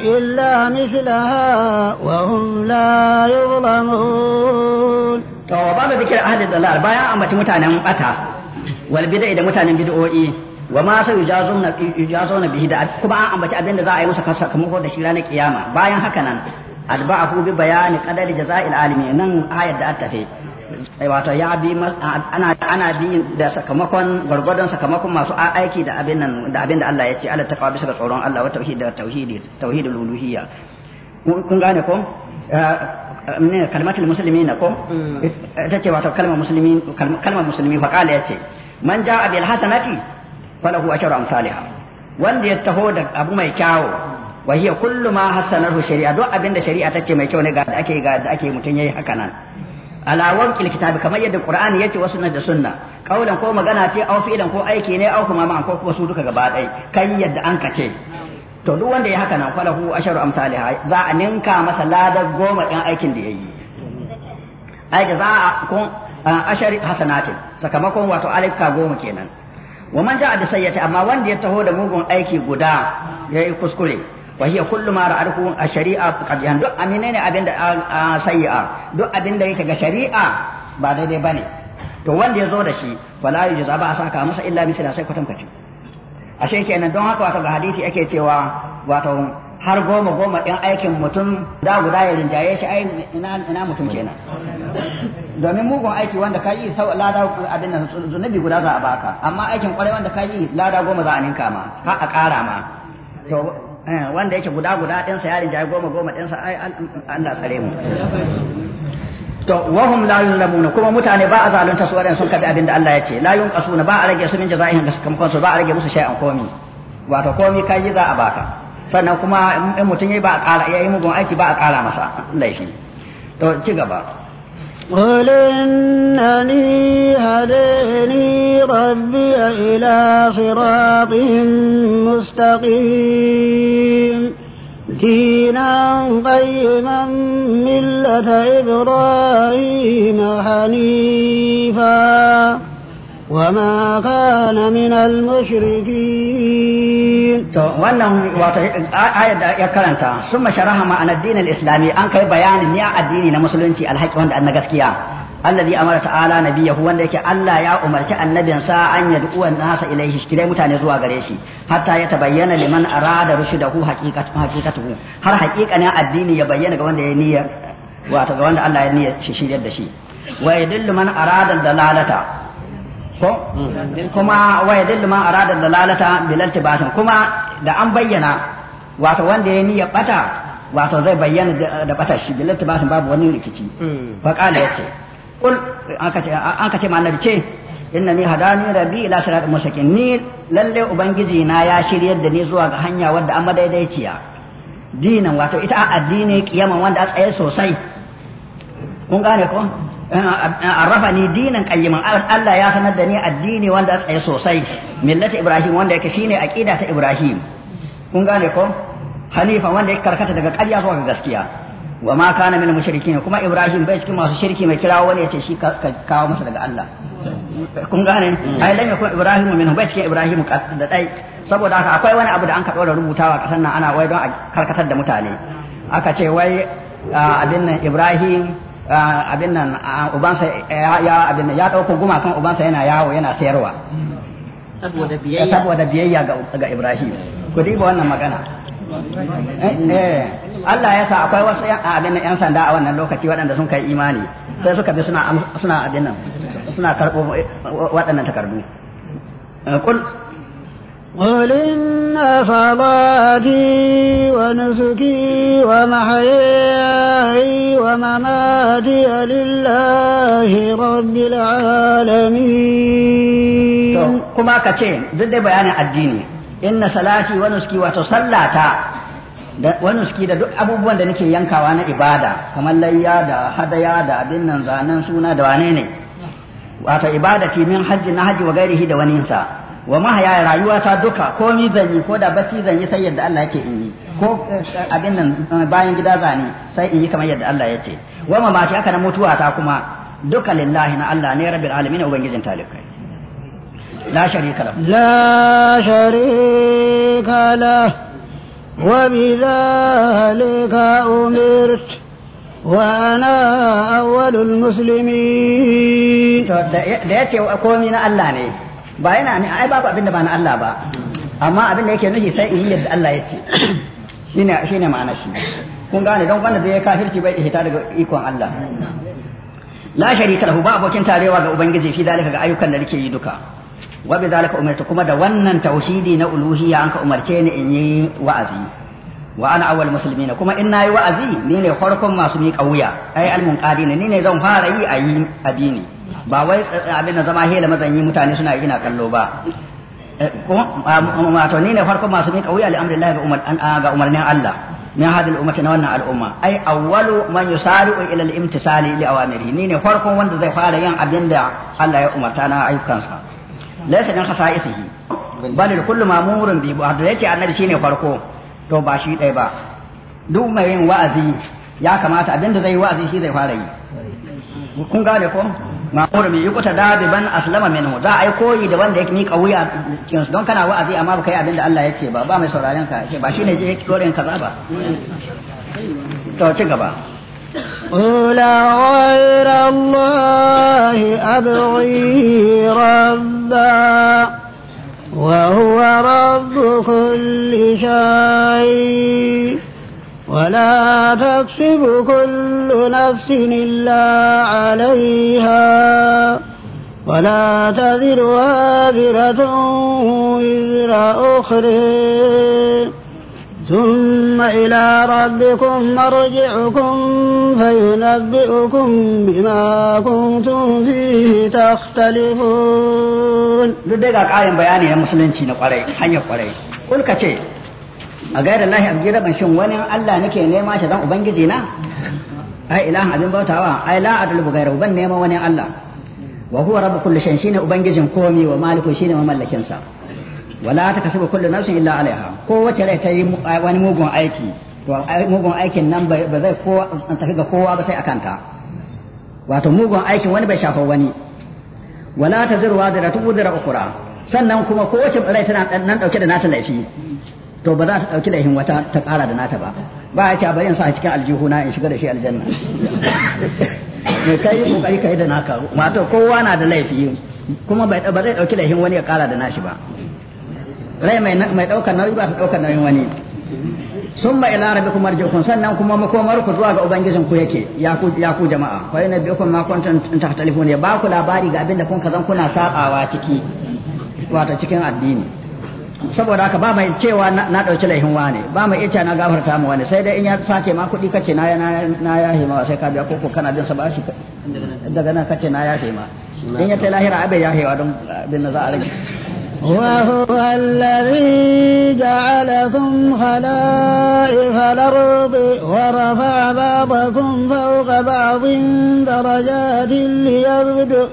[SPEAKER 1] إلا مثلها وهم لا يظلمون
[SPEAKER 2] to babu zikir ahli dalal bayan ambaci mutanen bata wal bid'a da mutanen bid'o'i wa ma bihi da kuma an ambaci abin da za a yi musu sakamako da shi ranar kiyama bayan haka nan adba'ahu bi bayani qadari jaza'il nan ayat da Eh, wato ya bi ana ana bi da sakamakon gargadon sakamakon masu aiki da abin nan da abin da Allah ya ce Allah taqwa bisa ga tsoron Allah wa tauhid da tauhidi tauhidul uluhiyya kun gane ko ne eh, kalmatul muslimin ko mm. ita ce wato kalmar musulmi kalmar musulmi fa kala yace man jaa bil hasanati falahu asharu amsalha wanda ya taho da abu mai kyawo wa hiya kullu ma hasanatu shari'a duk abinda shari'a tace mai kyau ne ga da ake ga da ake mutun yayi haka nan alawar kilkitabi kamar yadda qur'ani yace wasu na da sunna kaulan ko magana ce au fi'lan ko aiki ne au kuma ma'an ko kuma su duka gaba ɗaya kan yadda an kace to duk wanda ya haka nan falahu asharu amsalih za a ninka masa ladar goma ɗin aikin da yayi ai za a kun ashari hasanatin sakamakon wato alifka goma kenan wa man ja'a bi amma wanda ya taho da mugun aiki guda yayi kuskure wa hiya kullu ma ra'ahu ash-shari'a qadiyan duk amine ne abinda sayyi'a duk abinda yake ga shari'a ba daidai bane to wanda ya zo da shi wala yujza ba a saka masa illa mithla sai kwatankaci ashe kenan don haka ga ake cewa wato har goma goma ɗin aikin mutum da guda ya rinjaye shi ai ina ina mutum kenan domin mugun aiki wanda ka yi sau lada abin nan zunubi guda za a baka amma aikin kwarai wanda ka yi lada goma za a ninka ma ha a ƙara ma to Eh, wanda yake guda guda ɗinsa ya rinjaye goma goma ɗinsa ai Allah tsare mu to wahum la yuzlamuna kuma mutane ba a zalunta su waɗanda sun kabi abin da Allah ya ce la yunqasuna ba a rage su min jaza'ihim da sakamakon su ba a rage musu shay'an komi wato komi kai yi za a baka sannan kuma in mutum yayi ba a ƙara yayi mugun aiki ba a ƙara masa laifi to ci gaba
[SPEAKER 1] قل إنني هديني ربي إلى صراط مستقيم دينا قيما ملة إبراهيم حنيفاً وما كان
[SPEAKER 2] من المشركين to wannan wato ayar da ya karanta sun masharaha ma'ana addinin islami an kai bayanin ya addini na musulunci alhaki wanda an na gaskiya alladhi amara ta'ala nabiyahu wanda yake Allah ya umarci annabinsa an yad'u nasa ilaihi kirai mutane zuwa gare shi hatta ya tabayyana liman arada rushdahu haqiqatu haqiqatuhu har haqiqanin addini ya bayyana ga wanda ya niyya wato ga wanda Allah ya shi shiryar da shi wa yadullu man arada dalalata ko kuma waye yadillu man arada dalalata bil iltibasin kuma da an bayyana wato wanda ya niyya bata wato zai bayyana da bata shi bil iltibasin babu wani rikici hmm. fa qala yace kul an kace an kace ce inna ni hadani rabbi ila sirat mustaqim ni lalle ubangiji na ya shiryar da ni zuwa ga hanya wadda an madaidaiciya dinan wato ita addini kiyaman wanda a tsaye sosai kun gane ko Eh, eh, arrafani dinan qayyiman Allah ya sanar da ni addini wanda tsaye sosai millati ibrahim wanda yake shine aqida ta ibrahim kun gane ko hanifa wanda yake karkata daga ƙarya zuwa ga gaskiya wa ma kana min mushrikin kuma ibrahim bai cikin masu shirki mai kirawo wani yace shi ka kawo masa daga Allah kun gane ai lam yakun ibrahim min bai cikin ibrahim da dai saboda haka akwai wani abu da an ka dora rubutawa kasan nan ana wai don a karkatar da mutane aka ce wai ah, abin nan ibrahim Ah, abin nan ah, ah, ubansa eh, ya abin ya dauko gumakan ubansa yana yawo yana sayarwa saboda biyayya saboda biyayya ga Ibrahim ku diba wannan magana
[SPEAKER 3] eh, eh, Allah ya sa akwai
[SPEAKER 2] wasu abin nan yan sanda a wannan lokaci waɗanda sun kai imani sai suka bi suna suna abin nan suna karɓo waɗannan takardu قل إن صلاتي
[SPEAKER 1] ونسكي ومحياي ومماتي
[SPEAKER 2] لله رب العالمين كما كتين ضد بيان الدين إن صلاتي ونسكي وتصلاتا wani suke da duk abubuwan da nake yankawa na ibada kamar layya da hadaya da abin nan zanen suna da wane ne wato min hajji na hajji da waninsa wa mahaya rayuwa ta duka ko mi zan yi ko da bacci zan yi sai yadda Allah yake in yi ko eh, abin nan eh, bayan gida zane sai in yi kamar yadda Allah ya ce wa mace aka na mutuwa ta kuma duka lillahi na Allah ne rabbil alamin ubangijin talibai la sharika la. la sharika la wa
[SPEAKER 1] bidhalika umirtu وانا اول
[SPEAKER 2] المسلمين da yace komai na Allah ne ba yana ne ai babu abin da ba na Allah ba amma abin da yake nufi sai in yi yadda Allah ya ce shine shine ma'ana shi kun gane don wanda zai kafirci bai ihta daga ikon Allah la sharika lahu ba abokin tarewa ga ubangiji fi dalika ga ayyukan da nake yi duka wa bi dalika umirtu kuma da wannan tauhidi na uluhiyya an ka umarce ni in yi wa'azi wa ana awwal muslimina kuma in nayi wa'azi ni ne farkon masu miƙa wuya ai al munqadina ni ne zan fara yi a yi abini ba wai eh, abin da zama hela yi mutane suna yi na kallo ba eh, ah, wato ni ne farko masu miƙa wuya al'amrillah ah, ga umarnin Allah min hadhihi al-ummati na wannan al'umma ai awwalu man yusari'u ila al-imtisali li awamirihi ni ne farkon wanda zai fara yin abin da Allah ya umarta na ayyukansa laysa min khasa'isihi bal kullu ma'murun bi da yake annabi shine farko to ba shi ɗaya ba duk mai yin wa'azi ya kamata abin da zai wa'azi shi zai fara yi kun gane ko ma'mur mi yuqta da bi ban aslama minhu za a yi koyi da wanda ya mika wuya cikin don kana wa'azi amma baka yi abin da Allah yake ba ba mai sauraren ka yake ba shine je korin kaza ba to ci gaba قل غير
[SPEAKER 1] الله أبغي ربا وهو رب كل شيء ولا تكسب كل نفس إلا عليها ولا تذر وازرة وزر أخرى ثم إلى ربكم مرجعكم فينبئكم بما كنتم فيه تختلفون لديك آية بياني
[SPEAKER 2] المسلمين قرأي حي قرأي قل كتير a gaira lahi abdi rabban shin wani Allah nake nema shi dan ubangiji na ai ilahan abin bautawa ai la adlubu gaira ban nema wani Allah wa huwa rabbu kulli shay'in shine ubangijin komai wa maliku shine mamallakin sa wala takasibu kullu nafsin illa alaiha ko wace rai ta yi wani mugun aiki to mugun aikin nan ba zai kowa an tafi ga kowa ba sai akan ta wato mugun aikin wani bai shafa wani wala taziru wazira tu wazira ukura sannan kuma kowace rai tana nan dauke da nata laifi to ba za ta ɗauki laihin wata ta ƙara da nata ba ba a cewa bari sa a cikin aljihuna in shiga da shi aljanna
[SPEAKER 3] mai kai yi kokari kai
[SPEAKER 2] da naka wato kowa na da laifi kuma ba zai ɗauki laihin wani ya ƙara da nashi ba rai mai ɗaukar nauyi ba ta ɗaukar nauyin wani sun ba ila rabi kuma arjikun sannan kuma makomar ku zuwa ga ubangijin ku yake ya ku jama'a fa na biyu kuma ta tahtalifu ne ba ku labari ga abin da kun kazan kuna sabawa ciki wato cikin addini saboda haka ba mai cewa na ɗauki laifin wane ba mai ita na gafarta mu wane sai dai in ya sace ma kuɗi kace na na ya hima sai ka biya koko kana bin sa ba shi daga nan kace na ya hima in ya ta lahira abai ya hewa don bin za a rage
[SPEAKER 1] وهو
[SPEAKER 2] الذي جعلكم خلائف
[SPEAKER 1] الأرض ورفع بعضكم فوق بعض درجات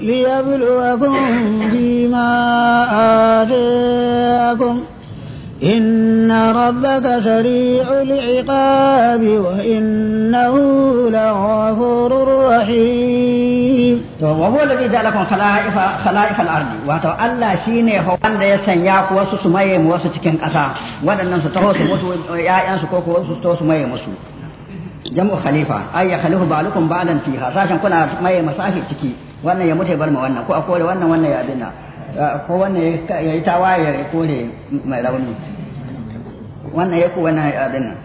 [SPEAKER 1] ليبلوكم فيما آتيكم إن ربك سريع
[SPEAKER 2] العقاب وإنه لغفور رحيم وهو الذي جعلكم خلائف خلائف الأرض وهو الله شيني هو أن يسنيا كوسو سميم وسو تكين قصا ودن نسو تهو سموتو يا أنسو كوكو وسو تهو سميم موسو جمع خليفة أي خليفة بعلكم بعلا فيها ساشن كنا سميم مساحي تكي وانا يموت يبرم وانا كو أقول وانا وأن يا Eh, ko wannan ya yi tawayar ya kore mai rauni wannan ya ku wannan abin nan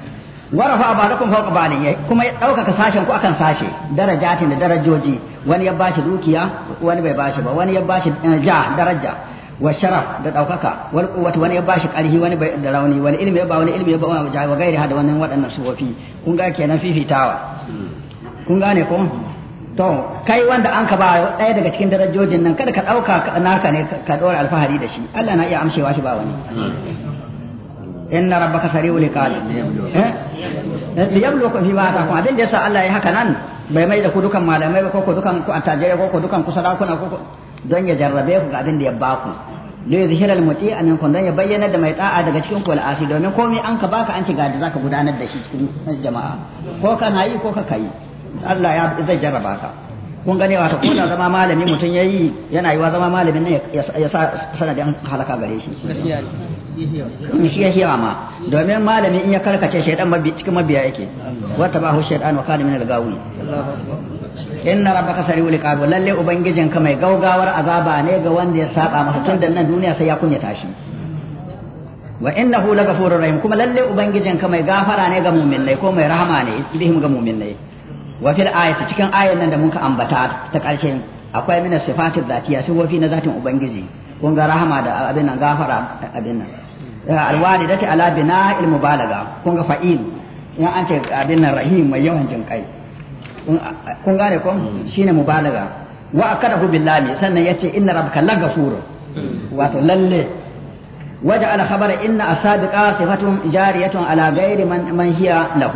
[SPEAKER 2] warafa ba da kun fauka ya kuma ya ɗaukaka sashen ku akan sashe darajatin da darajoji wani ya bashi dukiya wani bai bashi ba wani ya bashi eh, ja daraja wa sharaf da ɗaukaka wal quwwati wani ya bashi ƙarfi wani bai da rauni wal ilmi ya ba wani ilmi ya ba wani ja wa gairi hada wannan waɗannan sufofi kun ga kenan fifitawa kun gane ko to kai wanda an ka ba ɗaya daga cikin darajojin nan kada ka ɗauka naka ne ka ɗora alfahari da shi Allah na iya amshewa shi ba wani inna rabbaka sari'ul liqad eh, eh lokaci fi ta kuma abin da yasa Allah ya haka nan bai mai da ku dukan malamai ba ko ku dukan ku ko ku dukan ku na ko don ya jarrabe ku ga abin da ya baku li yuzhiral muti'a minkum don ya bayyana da mai ta'a daga cikin ku al'asi domin komai an ka baka an ci gadi da zaka gudanar da shi cikin jama'a ko kana yi ko ka kai Allah ya zai jarraba ka kun gane wata ko da zama malami mutum yayi yana yiwa zama malamin nan ya sa sanadin halaka gare shi shi ya hira ma domin malami in ya karkace shaidan cikin mabiya yake wata ba hu shaidan wa kana min al-gawi inna rabbaka sari'u liqab lalle ubangijin ka mai gaugawar azaba ne ga wanda ya saba masa tun da nan duniya sai ya kunya tashi wa innahu lagafurur rahim kuma lalle ubangijin ka mai gafara ne ga mu'minnai ko mai rahama ne bihim ga mu'minnai wa fil cikin ayan nan da muka ambata ta ƙarshe akwai mina sifatul zatiya sifofi na zatin ubangiji kun ga rahama da abin nan gafara abin nan alwalidati ala bina'il mubalaga kun ga fa'il in an ce abin nan rahim mai yawan jin kai kun wa sannan inna rabbaka lagafur wato lalle وجعل خبر إن السابقة صفة جارية على غير من, من هي له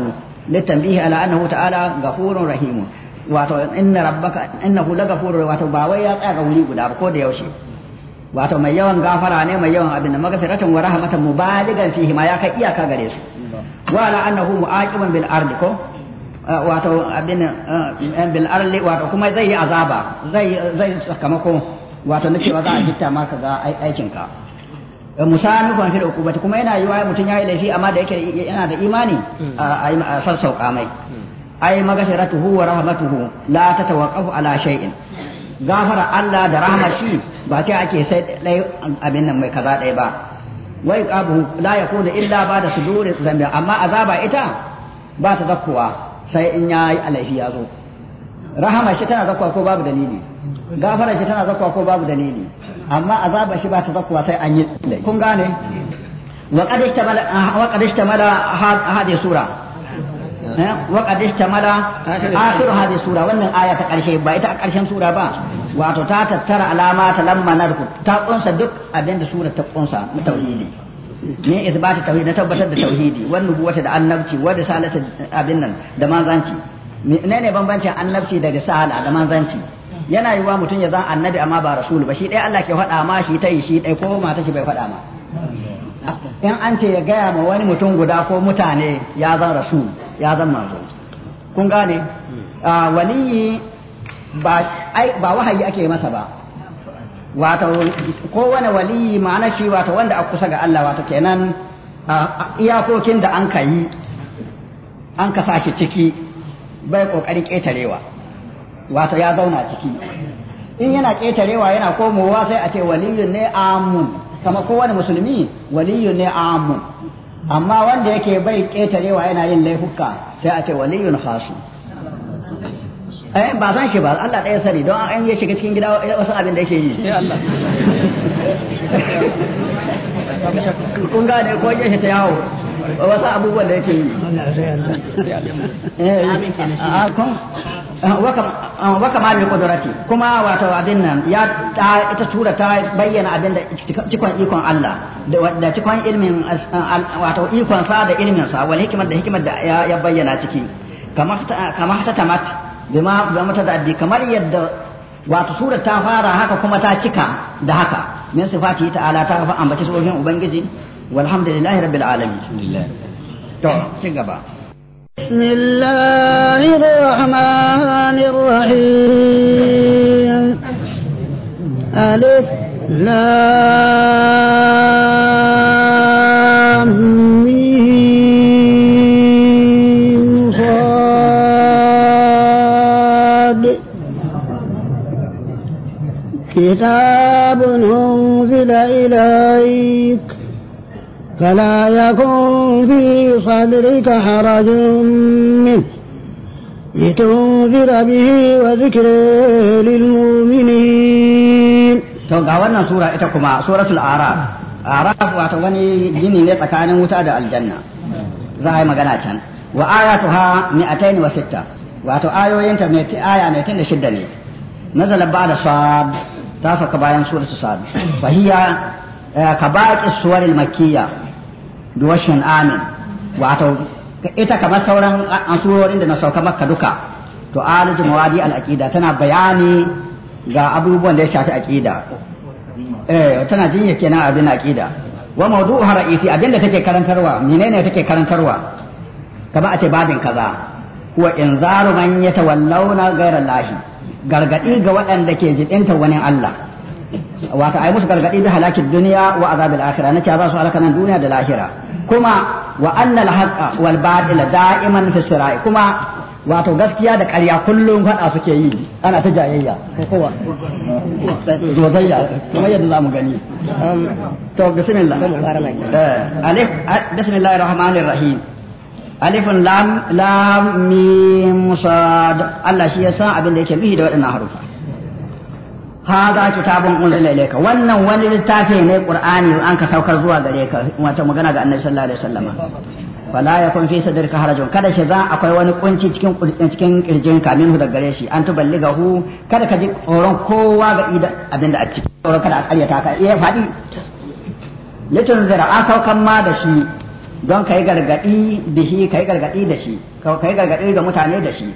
[SPEAKER 2] litanbihi ala annahu ta'ala ghafurur rahim wato inna rabbaka innahu laghafurur wato ba wai ya tsaya ga wuri guda ba ko da yaushe wato mai yawan gafara ne mai yawan abin da magfiratan wa rahmatan mubaligan fihi ma ya kai iyaka gare su wa ala annahu mu'aqiban bil ardi ko wato abin bil kuma zai yi azaba zai sakamako wato za a gitta maka ga aikin ka musamman fi da ukubati kuma yana yiwa mutum yi laifi amma da yake yana da imani hmm. a sassauka mai hmm. ai maghfiratuhu wa rahmatuhu la ta tatawaqqafu ala shay'in gafara Allah da rahama shi ba ta ake sai dai abin nan mai kaza dai ba wai qabu la yakunu illa ba da suduri zambi amma azaba ita ba ta zakkuwa sai in yayi alaifi ya zo rahama shi tana zakkuwa ko babu dalili gafara shi tana zakwa ko babu dalili amma azaba shi ba ta zakwa sai an yi kun gane wa qad ishtamala wa qad sura eh? wa qad ishtamala akhir hadi sura wannan aya ta karshe ba ita a karshen sura ba wato ta tattara alama ta lamma narku ta kunsa duk abin da sura ta kunsa na tauhidi ne isbata tauhidi na tabbatar da tauhidi wannan nubuwata da annabci wanda salata abin nan da manzanci ne ne bambancin annabci da risala da manzanci yana yiwuwa mutum ya zan annabi amma ba rasul ba shi ɗaya Allah ke faɗa ma shi ta yi shi ɗaya ko mata shi bai faɗa ma in an ce ya gaya ma wani mutum guda ko mutane ya zan rasul ya zan manzo kun gane waliyi ba ba wahayi ake masa ba wato kowane waliyi ma'ana shi wato wanda a kusa ga Allah wato kenan iyakokin da an ka yi an ka sashi ciki bai kokarin ƙetarewa wato ya zauna ciki in yana ƙetarewa yana komowa sai a ce waliyun ne amun kama kowane musulmi waliyun ne amun amma wanda yake bai ƙetarewa yana yin laifuka sai a ce waliyun hasu eh, ba san shi ba Allah ɗaya sani don an yi shiga cikin gida wasu abin da yake yi kun gane ko ta yawo wasu abubuwan da yake yi Eh, waka eh, wa kamalul qudrati kuma wato abin nan ya ta ita tura ta bayyana abin da cikon ikon Allah da cikon ilmin wato ikon sa da ilmin sa wal hikimar da hikimar da ya bayyana ciki kama ta tamat bima bima ta dabbi kamar yadda wato sura ta fara haka kuma ta cika da haka min sifati ta'ala ta fa ambaci sojin ubangiji walhamdulillahi rabbil alamin to cin gaba
[SPEAKER 1] بسم الله الرحمن الرحيم ألف لام ميم صاد كتاب أنزل إليك فلا يكن في صدرك حرج منه لتنذر به وذكر
[SPEAKER 2] للمؤمنين to ga wannan sura ita kuma suratul araf araf wato wani gini ne tsakanin wuta da aljanna za a yi magana can wa ayatuha mi'atayn wa sitta wato ayoyinta mai aya mai tun da shidda ne nazala ba'da sad ta saka bayan suratul sad fa hiya kabaqis suwaril makkiyah duwashin amin wato ita kamar sauran asurorin da na sauka maka duka to aliju mawadi al tana bayani ga abubuwan da ya shafi aqida eh tana jinya kenan abin aqida wa mawdu'uha ra'isi abin da take karantarwa menene take karantarwa kamar a ce babin kaza huwa inzaru man yatawallawna ghayra lahi gargadi ga waɗanda ke jidinta wani Allah wato ai musu gargadi da halakin duniya wa azabil akhirah nace za su halaka nan duniya da lahira kuma wa annal haqqa wal batila da'iman fi sirai kuma wato gaskiya da ƙarya kullum faɗa suke yi ana ta jayayya kowa zozayya kuma yadda za mu gani um, to bismillah eh, alif bismillahir rahmanir rahim alif lam lam mim sad Allah shi ya abin da yake nufi da harufa za ki hada kitabun unzila ilayka wannan wani littafi ne qur'ani an ka saukar zuwa gare ka wata magana ga annabi sallallahu alaihi wasallam fala yakun fi sadrika harajun kada shi za akwai wani kunci cikin cikin kirjin ka minhu da gare shi an tuballigahu kada ka ji tsoron kowa ga ida abinda a cikin. tsoron kada a karyata ka eh fadi litun zira a saukan ma da shi don kai gargadi da shi kai gargadi da shi kai gargadi ga mutane da shi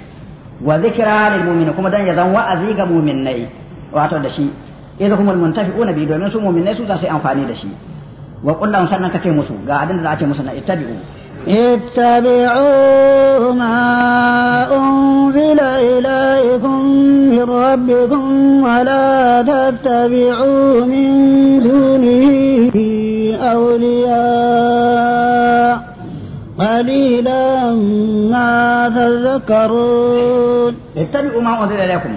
[SPEAKER 2] wa zikra lil mu'min kuma dan ya zan wa'azi ga mu'minnai wato da shi idh humul na bi domin su mu'minai su za su yi amfani da shi wa kullum sannan kace musu ga abin da za a ce musu na ittabi'u اتبعوا ما أنزل min من
[SPEAKER 1] ربكم ولا تتبعوا من دونه أولياء قليلا
[SPEAKER 2] ما تذكرون اتبعوا ما أنزل إليكم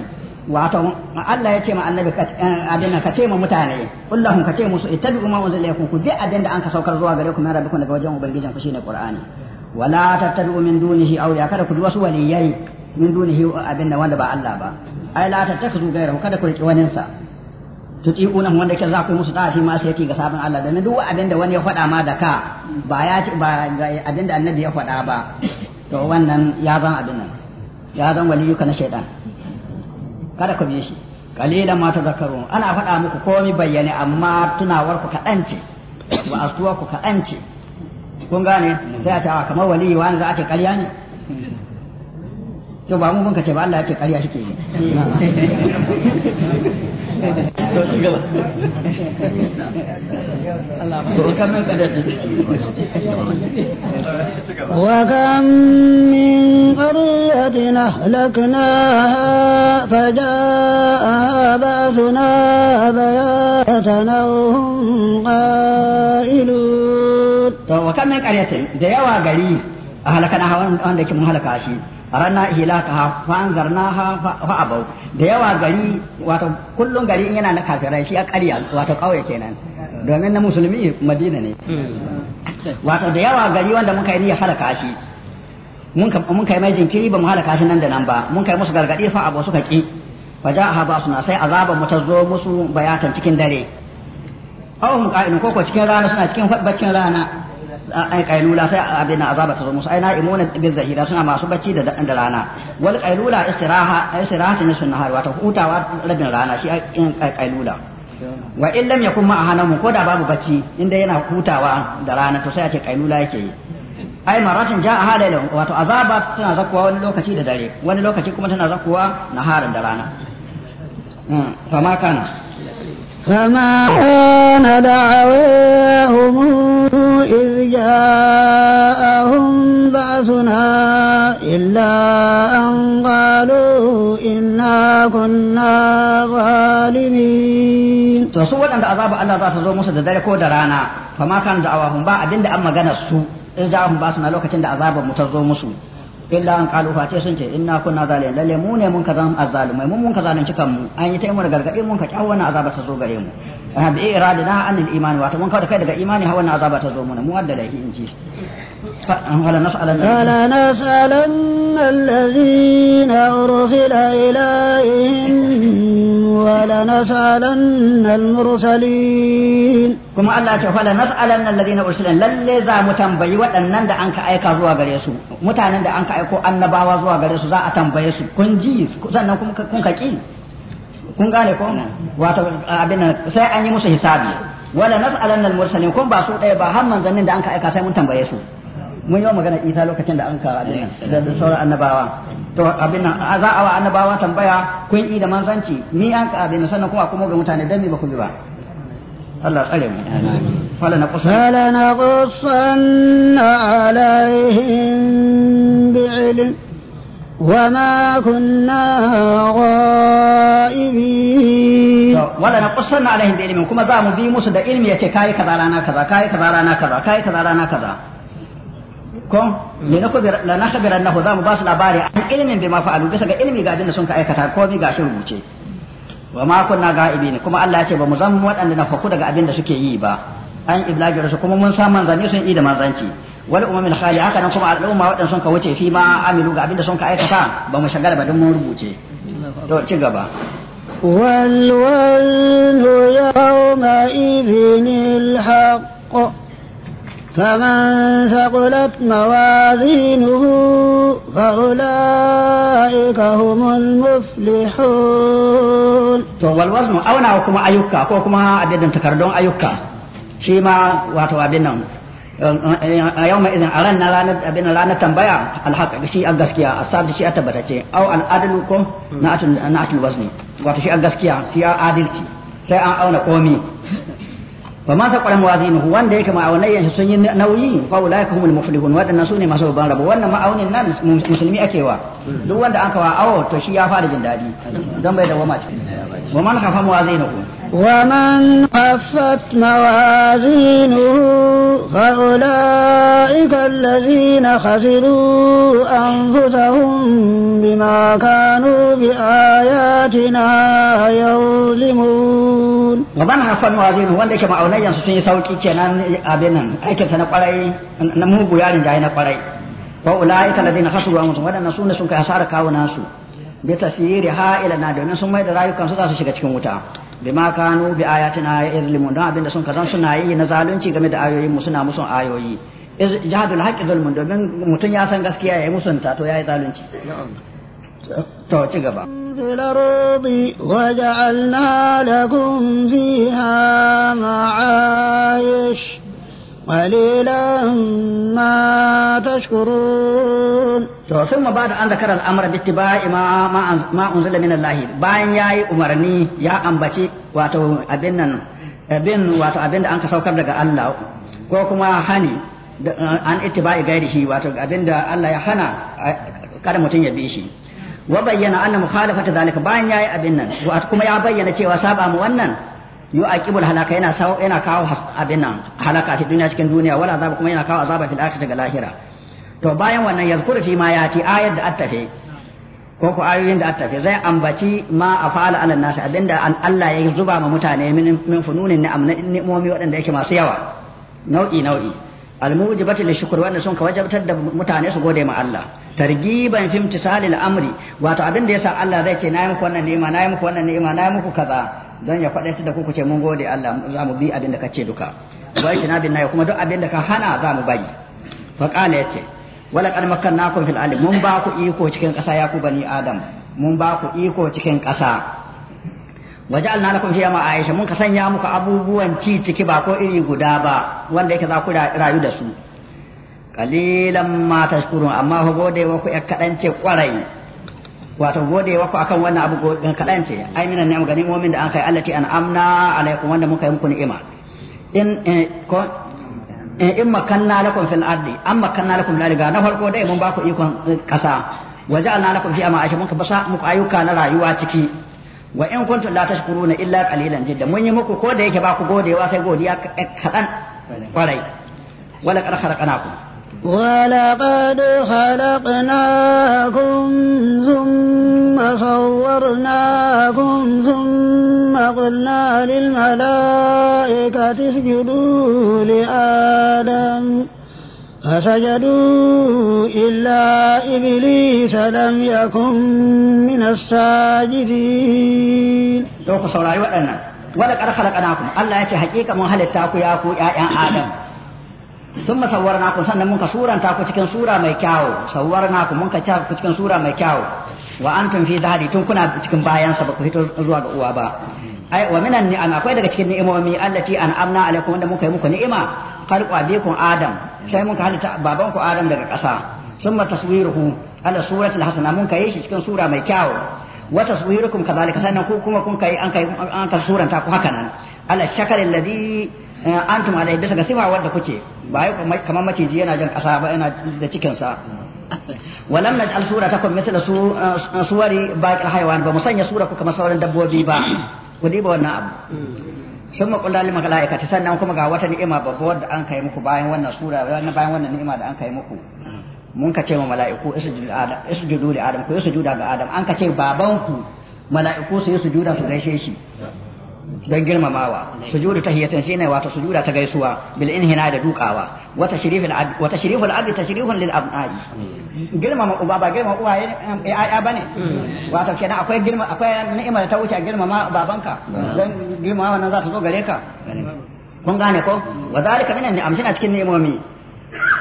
[SPEAKER 2] wato Allah ya ce ma annabi eh, abin ka ce ma mutane kullahum ka ce musu ittabi'u ma unzila ilaykum ku bi abin an ka saukar zuwa gare ku min rabbikum daga wajen ubangijin ku shine qur'ani wala tattabi'u min dunihi awliya kada ku bi wasu waliyai min dunihi abin da wanda ba Allah ba ai la tattakhudhu ghayrahu kada ku riƙe wanin sa tuti'una wanda ke za ku musu da'a fi ma sai yake ga sabon Allah da duk abin wani ya faɗa ma da ka ba ya ba abin da annabi ya faɗa ba to wannan ya zan abin ya zan waliyuka na shaytan kada ku shi kalilan ma tazakkarun ana faɗa muku komai bayyane amma tunawar ku kaɗan ce wa astuwa ku kaɗan ce kun gane sai a ce ah, kamar waliyi wani za a ce ƙarya ne to ba mu mun kace ba Allah yake ƙarya shi ke yi to shi gaba
[SPEAKER 3] Allah ba to kan nan kada
[SPEAKER 1] wa kam min qaryatin
[SPEAKER 2] da yawa gari a halakana wanda yake mun halaka shi ranna ilaka fa ha fa abau da yawa gari wato kullun gari yana na kafirai shi a ƙarya wato ƙauye kenan domin na musulmi madina ne wato da yawa gari wanda muka yi niyyar halaka shi mun kai mai jinkiri ba mu halaka shi nan da nan ba mun kai musu gargaɗi fa abau suka ki. fa ha ba suna sai azaban mu ta zo musu bayatan cikin dare awon ka'idun koko cikin rana suna cikin baccin rana ai kailula sai abin azaba ta musu ai na'imuna bil zahira suna masu bacci da da rana wal kailula istiraha istirahatun nisun nahar wato hutawa rabin rana shi kailula wa in lam yakun ma ahana ko da babu bacci inda yana hutawa da rana to sai a ce kailula yake yi ai maratin ja halailan wato azaba tana zakuwa wani lokaci da dare wani lokaci kuma tana zakuwa naharin da rana Kama hmm, kana فما
[SPEAKER 1] كان دعواهم إذ جاءهم بأسنا إلا أن قالوا إنا كنا
[SPEAKER 2] ظالمين to su waɗanda azabu Allah za ta zo musu da dare ko da rana fa ma kan da'awahum ba abinda an magana su in ja'ahum ba suna lokacin da azabar mu ta zo musu illa an qalu fa ce sun ce inna kunna zalimin lalle mu ne mun kaza azzalumai mun mun kaza nan cikan mu an yi ta yi mu gargaɗe mun ka kyawu wannan azaba ta zo gare mu bi irada da an a wato mun kawo kai daga imani har wannan azaba ta zo mana mu wanda da in ji fa ala nas'alan
[SPEAKER 1] alladhina ursila ilaihim wa la nas'alan almursalin kuma Allah ta
[SPEAKER 2] fala nas'alan alladhina ursila lalle za mu tambayi waɗannan da anka aika zuwa gare su mutanen da anka aiko annabawa zuwa gare su za a tambaye su kun ji sannan kun ka ki kun gane ko wato abin nan sai an yi musu hisabi wala nas'alanna al-mursalin kun ba su ɗaya ba har manzannin da an ka aika sai mun tambaye su mun yi magana isa lokacin da an ka abin da sauran annabawa to abin nan za a wa annabawa tambaya kun yi da manzanci ni an ka abin sannan kuma kuma ga mutane dan me ba ku bi ba allah الله يسلم na فلنقصن alaihim bi'ilm وما كنا غائبين ولا قصرنا عليهم بعلم كما زعموا بي موسى ده علم يتي كاي كذا رانا كذا كاي كذا رانا كذا كاي كذا رانا كذا كون لنخبر لنخبر انه زعموا باس لباري عن علم بما فعلوا بس ga ilmi ga abin da sun ka aikata ko mi ga shi rubuce wa ma kunna kuma Allah ya ce ba mu zama waɗanda na faku daga abin da suke yi ba an iblaji kuma mun sa manzanni sun yi da manzanci wal umam al khali haka nan kuma al'umma waɗanda sun ka wuce fi ma amilu ga abinda sun ka aikata ba mu shagala ba don mun rubuce to ci gaba
[SPEAKER 1] والوزن يومئذ الحق فمن ثقلت موازينه فأولئك هم المفلحون
[SPEAKER 2] to walwaznu auna kuma ayyuka ko kuma abin takardun ayyuka shi ma nan ayau mai izin aran na lanat abin na tambaya alhaq bi shi a gaskiya asab shi ata batace au al adlu kum hmm. na atul na atul wazni wato shi a gaskiya shi al adilci sai an auna komi wa ma sa qalam wazin huwa da yake ma auna yanzu sun yi nauyi fa ulai kumul muflihun wadannan sune masu ban rabu wannan ma aunin nan musulmi ake wa hmm. duk wanda aka wa awo to shi ya fara jin dadi dan bai dawo ma cikin wa man khafa wazin huwa
[SPEAKER 1] ومن خفت موازينه فأولئك الذين خسروا أنفسهم بما كانوا بآياتنا
[SPEAKER 2] يظلمون ومن خفت موازينه وان ديك معوني ينسوتين سوكي كنان أبنا أيكن سنقرأي نمو بيان جاي نقرأي وأولئك الذين خسروا أنفسهم وانا نسون سنك أسارك أو ناسو بتسيير هائلنا دون سمي درايو كان سودا سيشك تكون وتعا bima kanu bi ayatina yazlimun don abinda sun kazan suna yi na zalunci game da ayoyin mu suna musun ayoyi jihadul haqqi zulmun domin mutum ya san gaskiya ya yi to ya yi zalunci to ci gaba في
[SPEAKER 1] الأرض وجعلنا لكم فيها
[SPEAKER 2] قليلا ما تشكرون to sun ma bada an zakar al'amura bi tibai ma ma unzila min Allah bayan yayi umarni ya ambaci wato abin nan abin wato abin da an ka saukar daga Allah ko kuma hani an ittibai gairi shi wato abin da Allah ya hana kada mutum ya bi shi wa bayyana anna mukhalafata zalika bayan yayi abin nan wato kuma ya bayyana cewa saba mu wannan aqibul halaka yana sawo yana kawo abin nan halaka ta duniya cikin duniya wala azaba kuma yana kawo azaba fil akhirati ga lahira to bayan wannan yazkuru fi ma yati ayat da attafe ko ko ayoyin da attafe zai ambaci ma afala ala nasi abinda an Allah ya zuba ma mutane min min fununin ni'am ni'imomi waɗanda yake masu yawa nau'i nau'i almujibatu lishukr wannan sun ka wajabtar da mutane su gode ma Allah targiban fi imtisalil amri wato abin da yasa Allah zai ce na nayi muku wannan ni'ima nayi muku wannan ni'ima nayi muku kaza don ya faɗa da ku ku ce mun gode Allah za mu bi abin da kace duka wai shi nabin nayi kuma duk abin da ka hana za mu bari fa qala yace wala qad makkannakum fil ardi mun ba ku iko cikin ƙasa ya ku bani adam mun ba ku iko cikin ƙasa na lakum fiha ma aisha mun ka sanya muku abubuwan ci ciki ba ko iri guda ba wanda yake za ku rayu da su qalilan ma tashkurun amma ho wa ku yak kadan kwarai wato wa ku akan wannan abu kadan kadance ai minan ne ganin mu'min da an kai allati an amna alaikum wanda muka yi muku ni'ima in eh, ko eh, in makanna lakum fil ardi am makanna lakum la riga na farko dai mun ba ku ikon kasa eh, na lakum fiha ma aisha mun ka basa muku ayyuka na rayuwa ciki wa in kuntum la tashkuruna illa qalilan jidda mun yi muku ko da yake ba ku godewa sai godiya kaɗan kwarai wala qad khalaqnakum ولقد
[SPEAKER 1] خلقناكم ثم صورناكم ثم قلنا للملائكة اسجدوا لآدم فسجدوا إلا إبليس لم يكن من الساجدين
[SPEAKER 2] دوك سوراي ولك ولقد خلقناكم الله يتي حقيقة من هل التاكو ياكو يا آدم ثم صورناكم سنة منك سورة تاكو تكن سورة ما يكاو صورناكم منك تاكو تكن سورة ما يكاو وأنتم في ذهدي تنكنا تكن بايان سبق في زواج أوابا ai wa minan ni'am akwai daga التي أنعمنا عليكم an'amna alaikum wanda muka khalqu abikum adam sai mun ka baban ku adam daga ƙasa sun summa taswiruhu ala suratil hasana mun kai shi cikin sura mai kyau wa taswirukum kadhalika nan ku kuma kun kai an kai an ka suranta ku haka nan ala shakalil ladhi eh, antum alai bisa ga sifa wadda kuke ba kamar maciji yana jan ƙasa ba yana da cikin sa ولم نجعل سورتكم مثل صور باقي الحيوان بمسنية سورة كما صور الدبوبي با ودي بوانا
[SPEAKER 3] أبو
[SPEAKER 2] sun maƙulla lil mala'ikati sannan kuma ga wata ni'ima babba wadda an kai muku bayan wannan sura bayan wannan ni'ima da an kai muku mun ka ce ma mala'iku isjudu adam isjudu li adam ku isjuda ga adam an ka ce babanku mala'iku su yi sujuda su gaishe shi don girmamawa sujudu tahiyatin shine wato sujuda ta gaisuwa bil inhina da dukawa wata tashrifil abd wa tashriful abd tashrifun lil abnai girmama uba ba girmama uwa ya ya bane wato kenan akwai girma akwai ni'ima da ta wuce girmama babanka don girmama wannan za ta zo gare ka kun gane ko wa zalika minan ni'am shine cikin ni'imomi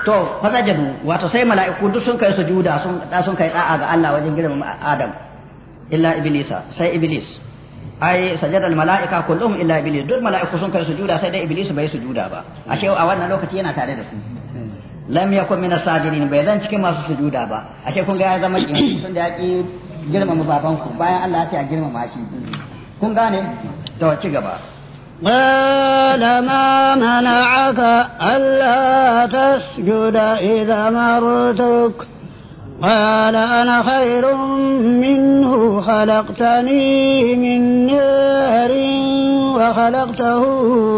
[SPEAKER 2] to fasajadu wato sai mala'iku duk sun kai sujuda sun sun kai da'a ga Allah wajen girmama Adam illa iblisa sai iblis ai sajada mala'ika kulluhum illa iblis duk mala'iku sun kai sujuda sai dai iblis bai sujuda ba ashe a wannan lokaci yana tare da su lam yakun min as-sajidin bai zan cikin masu sujuda ba ashe kun ga ya zama kin tun da ya ki girmama babanku bayan Allah ya ce a girmama shi kun gane to ci gaba
[SPEAKER 1] قال ما منعك ألا تسجد إذا مرتك قال أنا خير منه خلقتني من نار وخلقته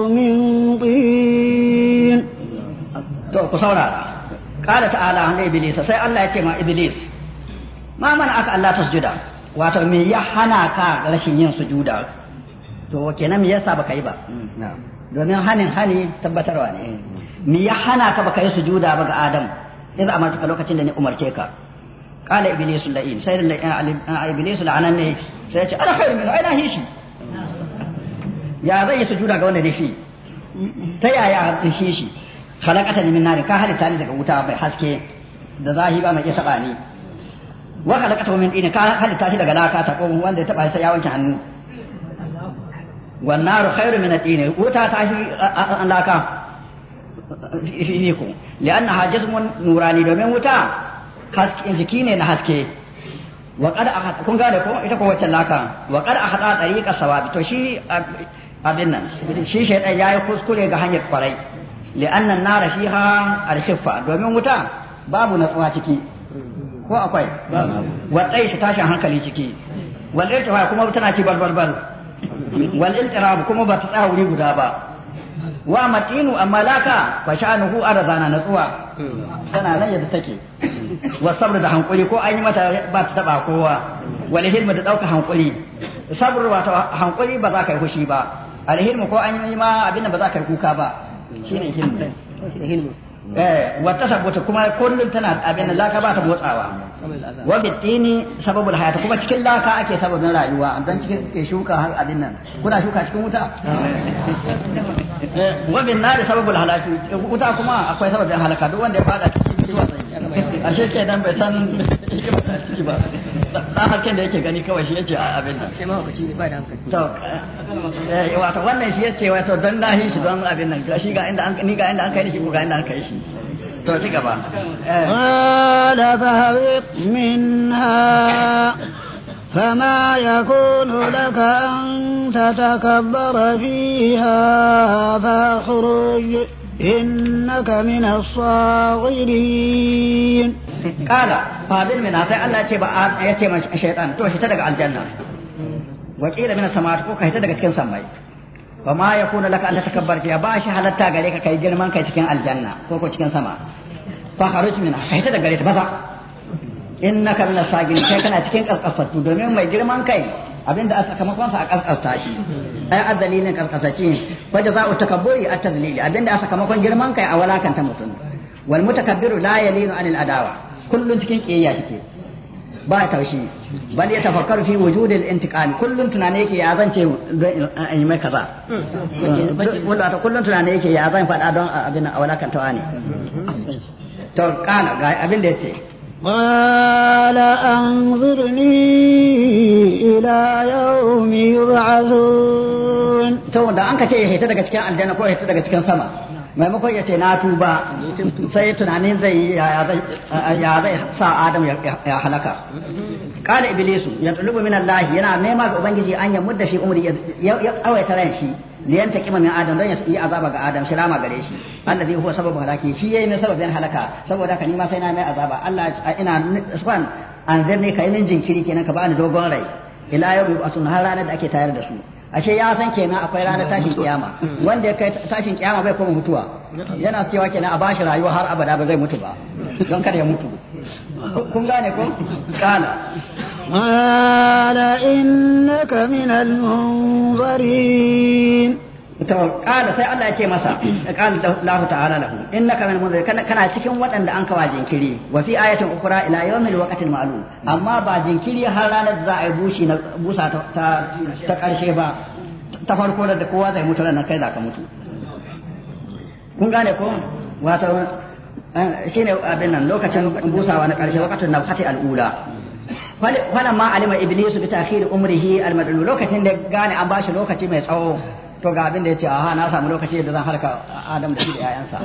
[SPEAKER 1] من طين
[SPEAKER 2] قال تعالى عن إبليس سي الله يتيما إبليس ما منعك ألا تسجد wato me ya hana ka rashin yin sujuda to kenan me yasa baka yi ba domin hanin hani tabbatarwa ne me ya hana ka baka yi sujuda ba ga Adam idan amartuka lokacin da ni umarce ka qala iblisu la'in sai da iblisu la'anan ne sai ya ce ana khairu
[SPEAKER 1] minhu aina hishi
[SPEAKER 2] ya zai yi ga wanda da ta yaya da shi khalaqata min nar ka halitta ni daga wuta bai haske da zahi ba mai iya wa khalaqata min din ka halitta shi daga laka ta ko wanda ya taba sai ya wanke hannu wan naru khairu min din wuta ta shi laka fi fiku li'annaha jismun domin wuta jiki ne na haske wa qad kun gane ko ita ko wacce laka wa qad ahada tariqa sawabi to shi abin nan shi shaytan yayi kuskure ga hanyar kwarai li'anna an-nara fiha arshifa domin wuta babu natsuwa ciki ko akwai wa tsaishi tashin hankali ciki wal irtifa kuma tana ci balbalbal wal iltirab kuma ba ta tsaya wuri guda ba wa matinu amma laka fa sha'anuhu arzana natsuwa tana nan yadda take wa sabr da hankuri ko an yi mata ba ta taba kowa wal hilma da dauka hankuri sabr wato hankuri ba za ka yi fushi ba al hilma ko an yi ma abinda ba za ka yi kuka ba shine hilma eh wa tasabbata kuma kullun tana abin laka ba ta motsawa wa bitini sababul hayata kuma cikin laka ake sababin rayuwa dan cikin shuka har abin nan kuna shuka cikin wuta wa nari sababul halaki wuta kuma akwai sababin halaka duk wanda ya fada cikin ciwa ke dan bai san ciki ba dan hakken da yake gani kawai shi yace abin nan sai ma ba da hankali to eh, wato wannan shi yace wato dan nahi shi don abin nan shi ga inda an ni ga inda an kai shi ko ga inda an kai shi قال
[SPEAKER 1] فهبط منها فما يكون لك أن تتكبر فيها فاخرج إنك من الصاغرين قال
[SPEAKER 2] فاضل منها أسأل الله يتبع الشيطان توشي تدق على الجنة وكيل من السماوات فوقها تدق تكن سمعي fa ma kuna laka an tatakabbar a ba shi halatta gare ka kai girman kai cikin aljanna ko ko cikin sama fa kharuj min sai ta gare ta baza innaka min asagin kai kana cikin kaskasattu domin mai girman kai abinda a sakamakon sa a kaskasta shi ai adalilin kaskasaci fa jaza'u takabburi at-tadlil abinda a sakamakon girman kai a walakanta mutum wal mutakabbiru la yalinu anil adawa kullun cikin kiyayya shike ba taushi bal ya tafakkaru fi wujudil intiqam kullun tunane yake ya zance in yi mai kaza wanda ta kullun tunane yake ya zan fada don abin a walakantawa ne to kana ga abin da yace
[SPEAKER 1] قال أنظرني إلى يوم
[SPEAKER 2] يبعثون تو an ka ce ya hita daga cikin aljanna ko daga cikin sama maimakon ya ce na tuba sai tunanin zai ya zai sa adam ya halaka kala iblisu ya tulubu min allahi yana nema ga ubangiji an ya mudda shi umri ya tsawaita ran shi ne yanta kima min adam don ya yi azaba ga adam shi rama gare shi allazi huwa sababu halaki shi yayi min sababin halaka saboda ka nima sai na mai azaba Allah ina subhan anzirni ka yi min jinkiri kenan ka bani dogon rai ila yau asun har ranar da ake tayar da su ashe ya san kenan akwai ranar tashin kiyama wanda ya kai tashin kiyama bai kuma mutuwa yana cewa kenan a bashi rayuwa har abada ba zai mutu ba don kada ya mutu kun gane ko kana قال innaka minal المنظرين to qala sai Allah ya ce masa qala Allah ta'ala lahu innaka min munzir kana cikin waɗanda an kawa jinkiri wa fi ayatin ukra ila yawmil waqtil ma'lum amma ba jinkiri har ranar za a yi bushi na busa ta ta karshe ba ta farko da kowa zai mutu ranar kai za ka mutu kun gane ko wato eh, shine abin nan lokacin busawa na karshe waqtul nafhati al-ula falamma alima iblisu bi ta'khir umrihi al-madlul lokacin da gane an bashi lokaci mai tsawo to ga abin da ya ce a na samu lokaci da zan halaka adam da shi da yayansa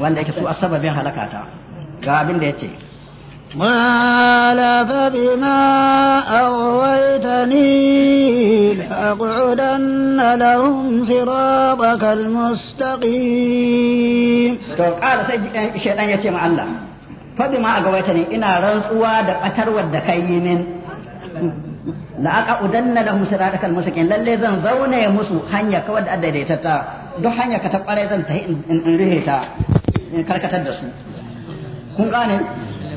[SPEAKER 2] wanda yake su a sababin halakata ga abin da ya ce ma a
[SPEAKER 1] malafa bima awaitani aqudan lahum siratuka almustaqim
[SPEAKER 2] to ƙara sai ji shaytan ya ce ma Allah fa bima agawaitani ina rantsuwa da ɓatarwar da kai min udanna lahum siratakal mustaqim lalle zan zaune musu hanya kawai da daidaitata duk hanya ka ta zan ta in rihe ta karkatar da su kun gane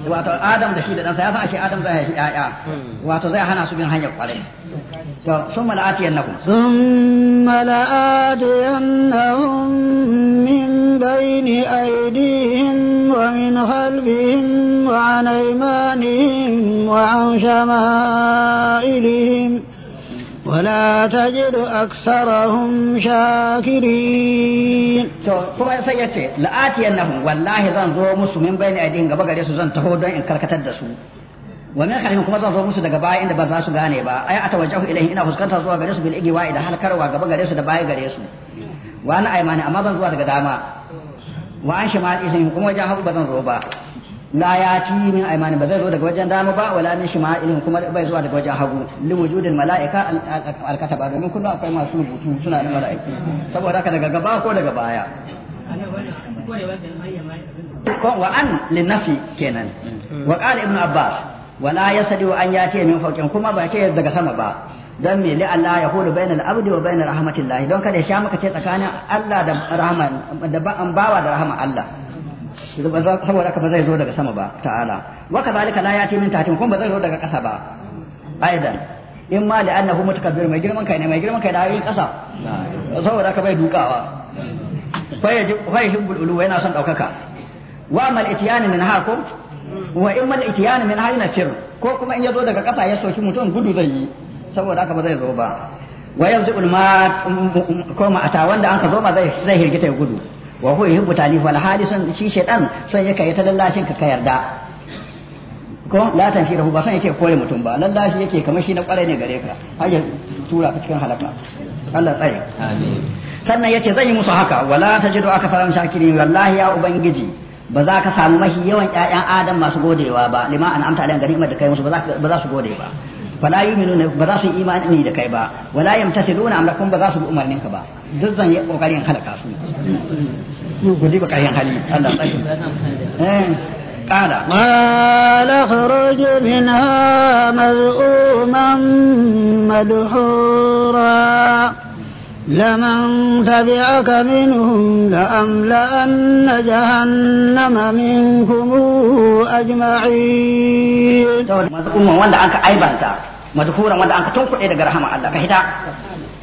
[SPEAKER 2] wato adam da shi da ɗansa ya san ashe adam zai haifi ƴaƴa hmm. wato zai hana su bin hanyar kwarai to sun mala'ati yannakum sun
[SPEAKER 1] mala'ati yannahum min bayni aydihim wa min khalfihim wa an aymanihim wa an shama'ilihim ولا
[SPEAKER 2] تجد أكثرهم شاكرين to kuma sai ya ce la'ati annahum wallahi zan zo musu min bayni aidin gaba gare su zan taho don in karkatar da su wa min khalfihim kuma zan zo musu daga baya inda ba za su gane ba ay atawajjahu ilaihim ina fuskanta zuwa gare su bil igwa da halkarwa gaba gare su da baya gare su wa ana aymani amma zan zuwa daga dama wa an shimali kuma wajen hagu ba zan zo ba la ya ci min aymani ba zai zo daga wajen dama ba wala min shima'ilin kuma bai zuwa daga wajen hagu li wujudil mala'ika alkataba domin kullum akwai masu suna da mala'iku saboda daga gaba daga baya
[SPEAKER 3] wa an
[SPEAKER 2] linafi kenan wa Ibn abbas wala ya wa an yati min kuma ba ke daga sama ba dan me li Allah ya hulu bain al-abdi wa bain rahmatillah don kada ya sha maka ce tsakanin Allah da rahman da bawa da rahman Allah saboda ka ba zai zo daga sama ba ta'ala wa zalika la yati min tahtin kun ba zai zo daga ƙasa ba aidan in ma li annahu mutakabbir mai girman kai ne mai girman kai da ayoyin ƙasa saboda ka bai dukawa fa yaji fa yuhibbul ulu yana son daukaka wa mal itiyani min hakum wa in mal itiyani min hayna fir ko kuma in yazo daga ƙasa ya soki mutum gudu zai yi saboda haka ba zai zo ba wa yanzu ulma ko ma ata wanda an ka zo ma zai zai hirgita ya gudu wa huwa yuhibbu talif wal halisun shi shaytan son yake ya lallashin ka ka yarda ko la tanfi ba son yake kore mutum ba lallashi yake kamar shi na kwarai ne gare ka har tura ka cikin halaka Allah tsaye amin sannan yace zan yi musu haka wala tajidu akthara shakirin wallahi ya ubangiji ba za ka samu mahi yawan ƴaƴan adam masu godewa ba lima an amta alayhi ganimar da kai musu ba za su gode ba fala yu'minuna ba za su yi imani da kai ba wala yamtasiluna amrakum ba za su bi umarnin ka ba duk zan yi kokarin kayan قال قال اخرج
[SPEAKER 1] منها مذءوما مدحورا لمن تبعك منهم لأملأن جهنم منكم
[SPEAKER 2] أجمعين madhura wanda an ka tunkuɗe daga rahama Allah ka hita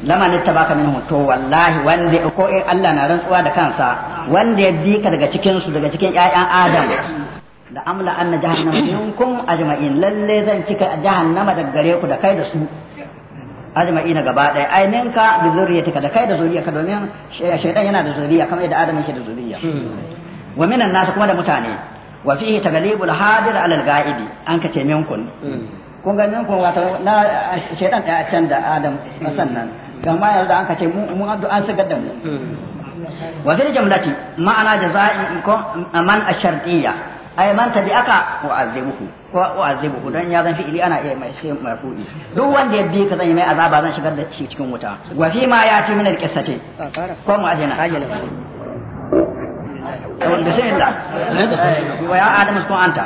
[SPEAKER 2] lama ne ta baka minhu to wallahi wanda ko in eh, Allah na rantsuwa da kansa wanda ya bi ka daga cikin su daga cikin ƴaƴan Adam da amla anna jahannama minkum ajma'in lalle zan cika jahannama daga gare ku da kai da su ajma'ina gaba ɗaya ka da zuriyatika da kai da zuriyarka domin shaidan yana da zuriya kamar yadda Adam yake da zuriya wa minan nasu kuma da mutane wa fihi taglibul hadir alal ga'ibi an kace minkun kun ga nan kun wata na shaitan ya can da adam sannan gama yanzu an kace mu mu an sagar da mu wa fil jamlati ma'ana jaza'i ko man ashartiyya ay man wa azibuhu ko azibuhu dan ya zan fi ili ana iya mai sai marfu'i duk wanda ya bi ka zan yi mai azaba zan shigar da shi cikin wuta wa fi ma yati min al-qissati ko mu ajina bismillah wa ya adamu kun anta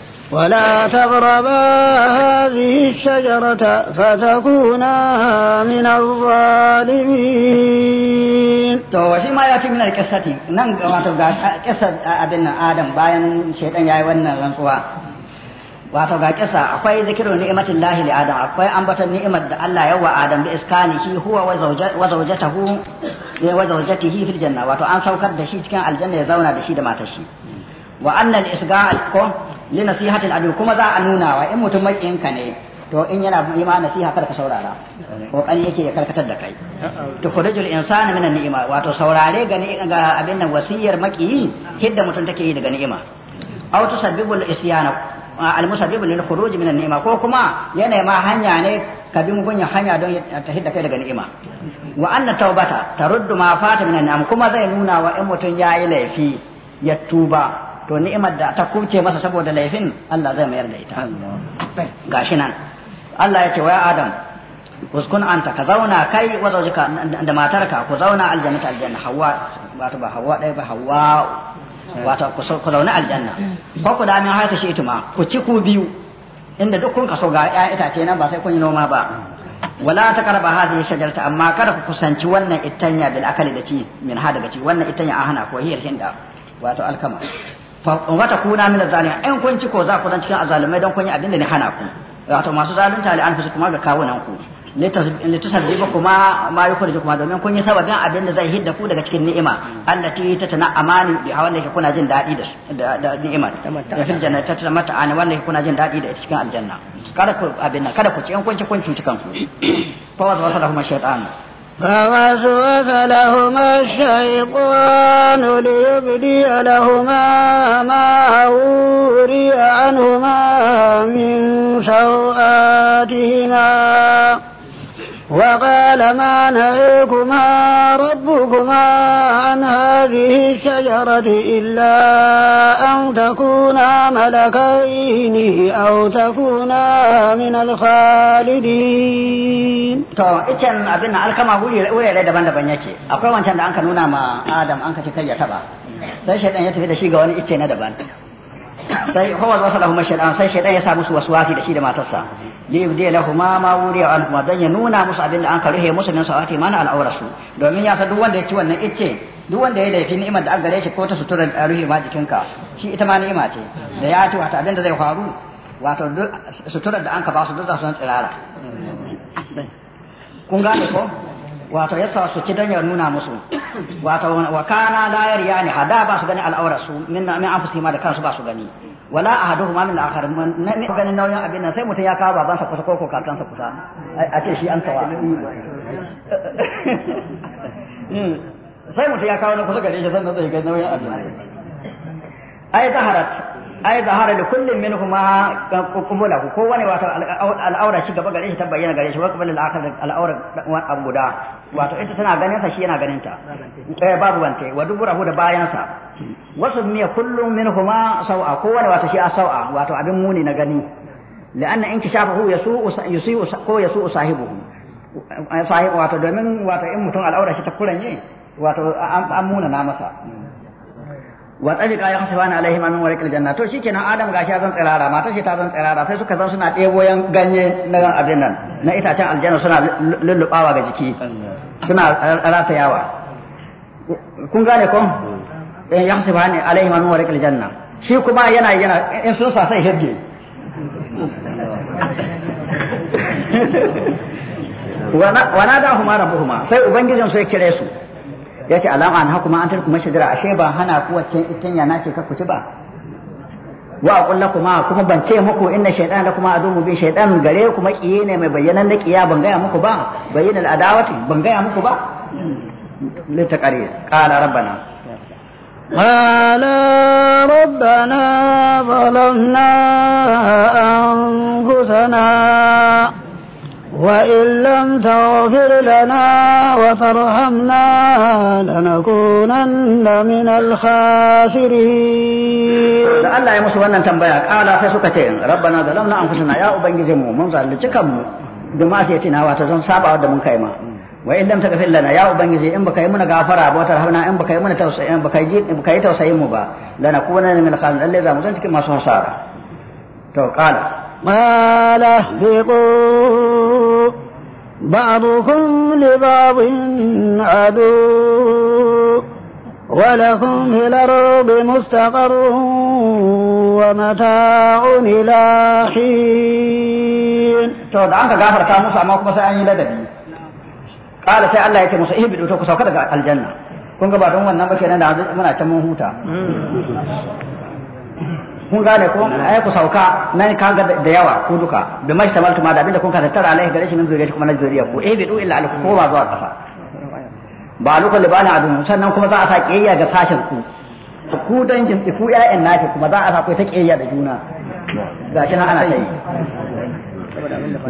[SPEAKER 1] ولا تقربا هذه الشجرة فتكونا من
[SPEAKER 2] الظالمين to shi ma ya ce min ce, nan wato ga ƙasar abin nan adam bayan shaidan ya yi wannan rantsuwa wato ga ƙasa akwai zikirun ni'imatin lahi li adam akwai ambaton ni'imar da Allah ya wa adam bi iskani shi huwa wa zawjatahu wa zawjatihi fil janna wato an saukar da shi cikin aljanna ya zauna da shi da matar shi wa anna al-isga' li nasihatil abi kuma za a nuna wa in mutum makiyinka ne to in yana yi ma nasiha kar ka saurara kokari yake ya karkatar da kai to khurujul insani minan ni'ima wato saurare ga ga abin nan wasiyar makiyi hidda mutum take yi daga ni'ima aw tusabbibul isyana al musabbibul lil khuruj minan ni'ima ko kuma yana ma hanya ne ka bi mugunya hanya don ta hidda kai daga ni'ima wa anna taubata taruddu ma fata minan ni'am kuma zai nuna wa in mutum yayi laifi ya tuba to ni'imar da ta kuce masa saboda laifin Allah zai mayar da ita gashi nan Allah ya ce wa Adam uskun anta ka zauna kai wa zaujika da matarka ku zauna aljanna aljanna hawa wato ba hawa dai ba hawa wato ku zauna aljanna mm. ko ku da min haka shi ituma ku ci ku biyu inda duk kun kaso ga ya itace nan ba sai kun yi noma ba wala ta karba hadhihi shajarata amma kada ku kusanci wannan ittanya bil akali da ci min ha daga ci wannan ittanya a hana ko hiyar hinda wato alkama wata kuna min zalimi in kun ci ko za ku dan cikin azalumai dan kun yi abin da ni hana ku wato masu zalunta ali an kuma ga kawunan ku ne tasabbiba kuma ma yukhrij kuma domin kun yi sababin abin da zai hidda ku daga cikin ni'ima allati tana amani bi hawan da kuna jin dadi da Ta ni'ima da fil tana mata ani wannan kuna jin dadi da cikin aljanna kada ku abin nan kada ku ci in kun ci kun cuci kanku fa wasa da kuma shaytan
[SPEAKER 1] فوسوس لهما الشيطان ليبدي لهما ما أوري عنهما من سوآتهما وقال ما نهيكما ربكما عن هذه الشجرة إلا أن تكونا ملكين
[SPEAKER 2] أو تكونا من الخالدين to icen abin alkama wurare daban-daban yake akwai wancan da anka nuna ma adam an ka kai ya taba sai shaidan ya tafi da shi ga wani ice na daban sai kowa wasa lahum shaidan sai shaidan ya sa musu wasu wasi da shi da matarsa liyubdi lahuma ma wuriya anhuma dan ya nuna musu abin da an karuhe musu min sawati mana al'aurasu domin ya san duk wanda ya ci wannan icce duk wanda ya laifi ni'imar da an gare shi ko ta sutura da ruhi ma jikinka shi ita ma ni'ima ce da ya ci wata abin da zai faru wato suturar da an ka ba su duk za su nan tsirara kun gane ko wato ya sa su ci don ya nuna musu wato wa kana la yariyani hada ba su gani al'aurasu min min anfusihima da kansu ba su gani wala ahaduhuma min al-akhar na ne ganin nauyin abin nan sai mutum ya kawo babansa kusa ko kakansa kusa a ce shi an tawa hmm. sai mutum ya kawo na kusa gare shi sannan zai ga nauyin abin ai zaharat ai zahara da kullum min kuma kumula ku ko wani wato al'aura shi gaba gare shi ta bayyana gare shi wa kuma al'akar al'aura wan abu guda wato ita tana ganin sa shi yana ganin ta eh babu wante wa dubura da bayan sa wasu miya kullum min kuma sau'a ko wani wato shi a sau'a wato abin muni na gani la'anna in kishafahu yasu yusi ko Yasu'u sahibuhu sahibu wato domin wato in mutum al'aura shi ta kuranye wato an muna na masa wa tsabiqa ya hasabana alaihim min warqil janna to shikenan adam gashi zan tsirara mata shi ta zan tsirara sai suka zan suna ɗebo yan ganye na abin nan na itacen aljanna suna lullubawa ga jiki suna ratayawa kun gane ko eh, ya hasabana alaihim min warqil janna shi kuma yana yana in sun sa sai hirge wa nadahuma rabbuhuma sai ubangijin sai kire su ce alama an ma an tarku mashajara ashe ba hana ku waccan itanya na ce ka kuci ba wa aqul lakuma kuma ban ce muku inna shaytan lakuma adumu bi shaytan gare ku kiye ne mai bayyanan na kiya ban gaya muku ba bayyanal adawati ban gaya muku ba litaqari qala rabbana قال ربنا ظلمنا
[SPEAKER 1] أنفسنا وإن لم تغفر لنا وترحمنا لنكونن من
[SPEAKER 2] الخاسرين da Allah ya musu wannan tambaya kala sai suka ce rabbana zalamna anfusana ya ubangije mu mun zalunci kanmu da ma sai tina wata zan saba da mun kai ma wa in lam taghfir ya ubangije in baka yi muna gafara ba wata rahmana in baka yi muna tausayi in baka yi yi tausayin mu ba lanakunanna min al za mu zan cikin masu to kala ما له بعضكم
[SPEAKER 1] لبعض عدو ولكم في الأرض مستقر ومتاع إلى
[SPEAKER 2] حين to da anka gafarta musu amma kuma sai an yi ladabi kala sai Allah ya ce musu ihbidu to ku sauka daga aljanna kun ga ba don wannan ba kenan da muna can mun huta hmm. kun gane ko ai ku sauka nan ga da yawa ku duka bi mai tamaltu ma da abinda kun ka tattara alai gare shi min zuriya kuma na zuriya ku eh bidu illa alku koma zuwa kasa ba luka libana adun sannan kuma za a sa kiyayya ga sashin ku ku dangin ku ƴaƴan naki kuma za a sa ku ta kiyayya da juna gashi nan ana
[SPEAKER 3] sai